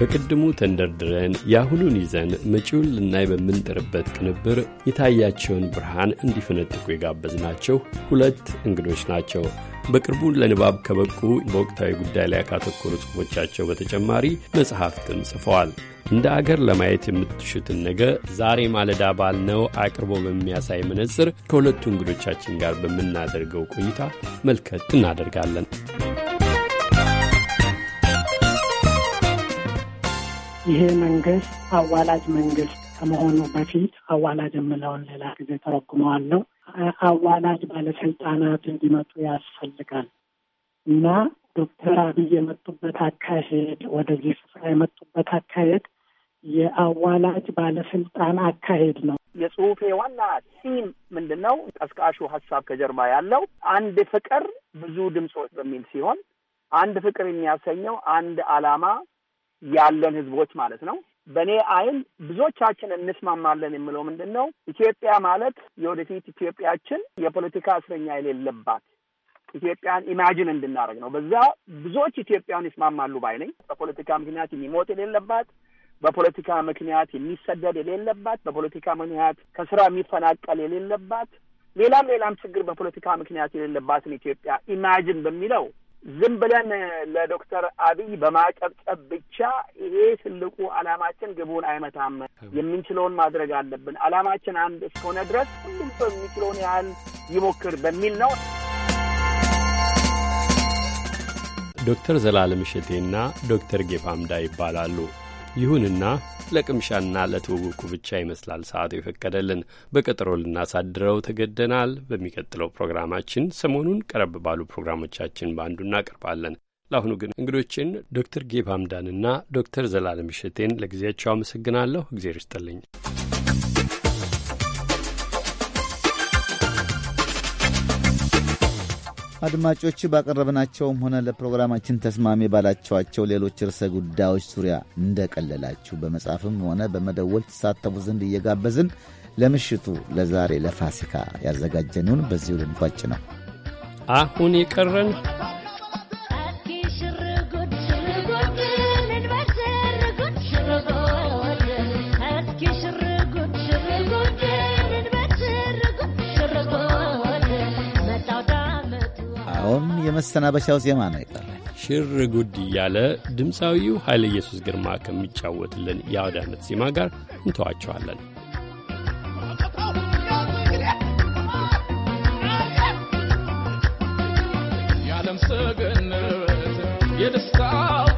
በቅድሙ ተንደርድረን የአሁኑን ይዘን መጪውን ልናይ በምንጥርበት ቅንብር የታያቸውን ብርሃን እንዲፈነጥቁ የጋበዝናቸው ሁለት እንግዶች ናቸው። በቅርቡ ለንባብ ከበቁ በወቅታዊ ጉዳይ ላይ ካተኮሩ ጽሑፎቻቸው በተጨማሪ መጽሐፍትም ጽፈዋል። እንደ አገር ለማየት የምትሹትን ነገ ዛሬ ማለዳ ባልነው አቅርቦ በሚያሳይ መነጽር ከሁለቱ እንግዶቻችን ጋር በምናደርገው ቆይታ መልከት እናደርጋለን። ይሄ መንግስት አዋላጅ መንግስት ከመሆኑ በፊት አዋላጅ የምለውን ሌላ ጊዜ ተረጉመዋለሁ። አዋላጅ ባለስልጣናት እንዲመጡ ያስፈልጋል እና ዶክተር አብይ የመጡበት አካሄድ ወደዚህ ስፍራ የመጡበት አካሄድ የአዋላጅ ባለስልጣን አካሄድ ነው። የጽሁፌ ዋና ሲም ምንድን ነው? ቀስቃሹ ሀሳብ ከጀርባ ያለው አንድ ፍቅር ብዙ ድምፆች በሚል ሲሆን አንድ ፍቅር የሚያሰኘው አንድ አላማ? ያለን ህዝቦች ማለት ነው። በእኔ አይን ብዙዎቻችን እንስማማለን የምለው ምንድን ነው፣ ኢትዮጵያ ማለት የወደፊት ኢትዮጵያችን የፖለቲካ እስረኛ የሌለባት ኢትዮጵያን ኢማጂን እንድናደርግ ነው። በዛ ብዙዎች ኢትዮጵያን ይስማማሉ ባይ ነኝ። በፖለቲካ ምክንያት የሚሞት የሌለባት፣ በፖለቲካ ምክንያት የሚሰደድ የሌለባት፣ በፖለቲካ ምክንያት ከስራ የሚፈናቀል የሌለባት፣ ሌላም ሌላም ችግር በፖለቲካ ምክንያት የሌለባትን ኢትዮጵያ ኢማጂን በሚለው ዝም ብለን ለዶክተር አብይ በማጨብጨብ ብቻ ይሄ ትልቁ አላማችን ግቡን አይመታም። የምንችለውን ማድረግ አለብን። አላማችን አንድ እስከሆነ ድረስ ሁሉም ሰው የሚችለውን ያህል ይሞክር በሚል ነው። ዶክተር ዘላለም እሸቴና ዶክተር ጌፓምዳ ይባላሉ። ይሁንና ለቅምሻና ለትውውቁ ብቻ ይመስላል ሰዓቱ የፈቀደልን። በቀጠሮ ልናሳድረው ተገደናል። በሚቀጥለው ፕሮግራማችን ሰሞኑን ቀረብ ባሉ ፕሮግራሞቻችን በአንዱ እናቀርባለን። ለአሁኑ ግን እንግዶችን ዶክተር ጌብ ሐምዳንና ዶክተር ዘላለም ሸቴን ለጊዜያቸው አመሰግናለሁ። እግዜር ይስጥልኝ። አድማጮች ባቀረብናቸውም ሆነ ለፕሮግራማችን ተስማሚ ባላቸዋቸው ሌሎች ርዕሰ ጉዳዮች ዙሪያ እንደቀለላችሁ በመጻፍም ሆነ በመደወል ትሳተፉ ዘንድ እየጋበዝን ለምሽቱ ለዛሬ ለፋሲካ ያዘጋጀነውን በዚሁ ልንቋጭ ነው። አሁን የቀረን የመሰናበቻው ዜማ ነው ይቀረ ሽር ጉድ እያለ ድምፃዊው ኃይለ ኢየሱስ ግርማ ከሚጫወትልን የአውደ ዓመት ዜማ ጋር እንተዋቸዋለን። የዓለም ሰገነት የደስታው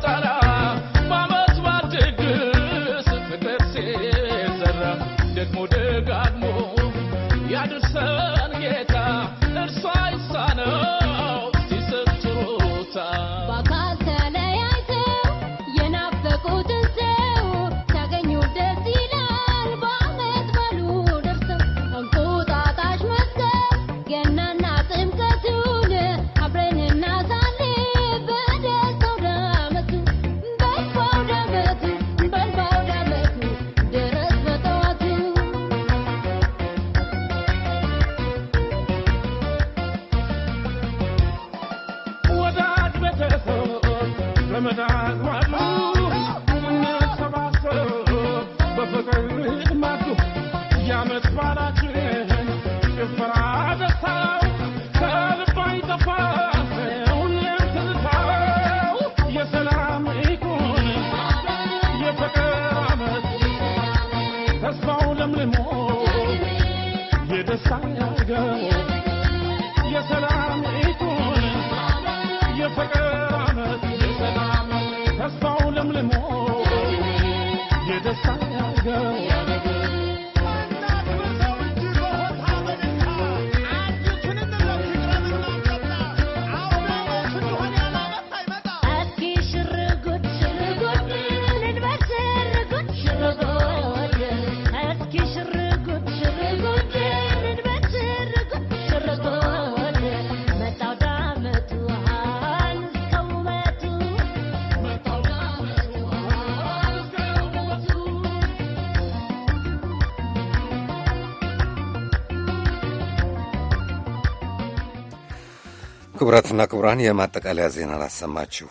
ክቡራትና ክቡራን የማጠቃለያ ዜና አላሰማችሁ።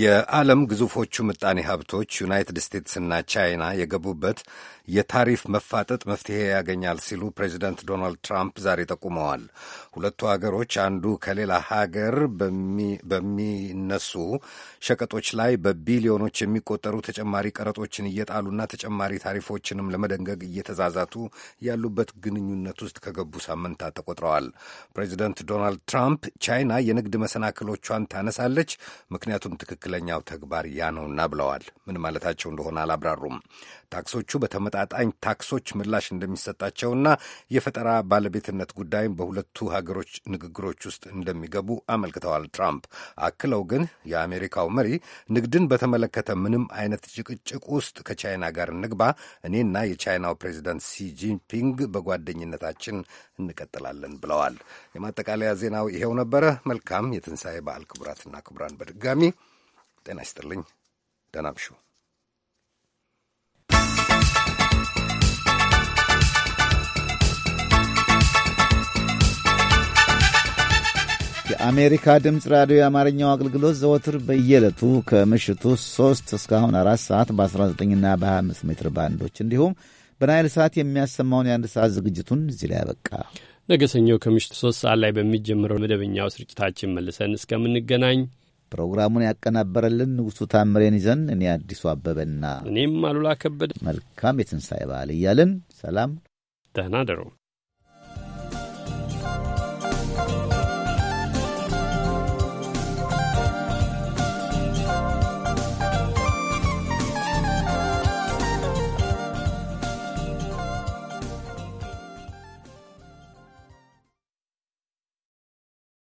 የዓለም ግዙፎቹ ምጣኔ ሀብቶች ዩናይትድ ስቴትስና ቻይና የገቡበት የታሪፍ መፋጠጥ መፍትሄ ያገኛል ሲሉ ፕሬዚደንት ዶናልድ ትራምፕ ዛሬ ጠቁመዋል። ሁለቱ አገሮች አንዱ ከሌላ ሀገር በሚነሱ ሸቀጦች ላይ በቢሊዮኖች የሚቆጠሩ ተጨማሪ ቀረጦችን እየጣሉና ተጨማሪ ታሪፎችንም ለመደንገግ እየተዛዛቱ ያሉበት ግንኙነት ውስጥ ከገቡ ሳምንታት ተቆጥረዋል። ፕሬዚደንት ዶናልድ ትራምፕ ቻይና የንግድ መሰናክሎቿን ታነሳለች፣ ምክንያቱም ትክክል ትክክለኛው ተግባር ያ ነውና ብለዋል። ምን ማለታቸው እንደሆነ አላብራሩም። ታክሶቹ በተመጣጣኝ ታክሶች ምላሽ እንደሚሰጣቸውና የፈጠራ ባለቤትነት ጉዳይም በሁለቱ ሀገሮች ንግግሮች ውስጥ እንደሚገቡ አመልክተዋል። ትራምፕ አክለው ግን የአሜሪካው መሪ ንግድን በተመለከተ ምንም አይነት ጭቅጭቅ ውስጥ ከቻይና ጋር እንግባ፣ እኔና የቻይናው ፕሬዚደንት ሲጂንፒንግ በጓደኝነታችን እንቀጥላለን ብለዋል። የማጠቃለያ ዜናው ይኸው ነበረ። መልካም የትንሣኤ በዓል ክቡራትና ክቡራን በድጋሚ ጤና ይስጥልኝ። ደህና እምሹ። የአሜሪካ ድምፅ ራዲዮ የአማርኛው አገልግሎት ዘወትር በየዕለቱ ከምሽቱ 3 እስካሁን 4 ሰዓት በ19ና በ25 ሜትር ባንዶች እንዲሁም በናይል ሰዓት የሚያሰማውን የአንድ ሰዓት ዝግጅቱን እዚህ ላይ ያበቃ። ነገ ሰኞ ከምሽቱ 3 ሰዓት ላይ በሚጀምረው መደበኛው ስርጭታችን መልሰን እስከምንገናኝ ፕሮግራሙን ያቀናበረልን ንጉሡ ታምሬን ይዘን እኔ አዲሱ አበበና እኔም አሉላ ከበደ መልካም የትንሣኤ በዓል እያልን ሰላም፣ ደህና ደሩ።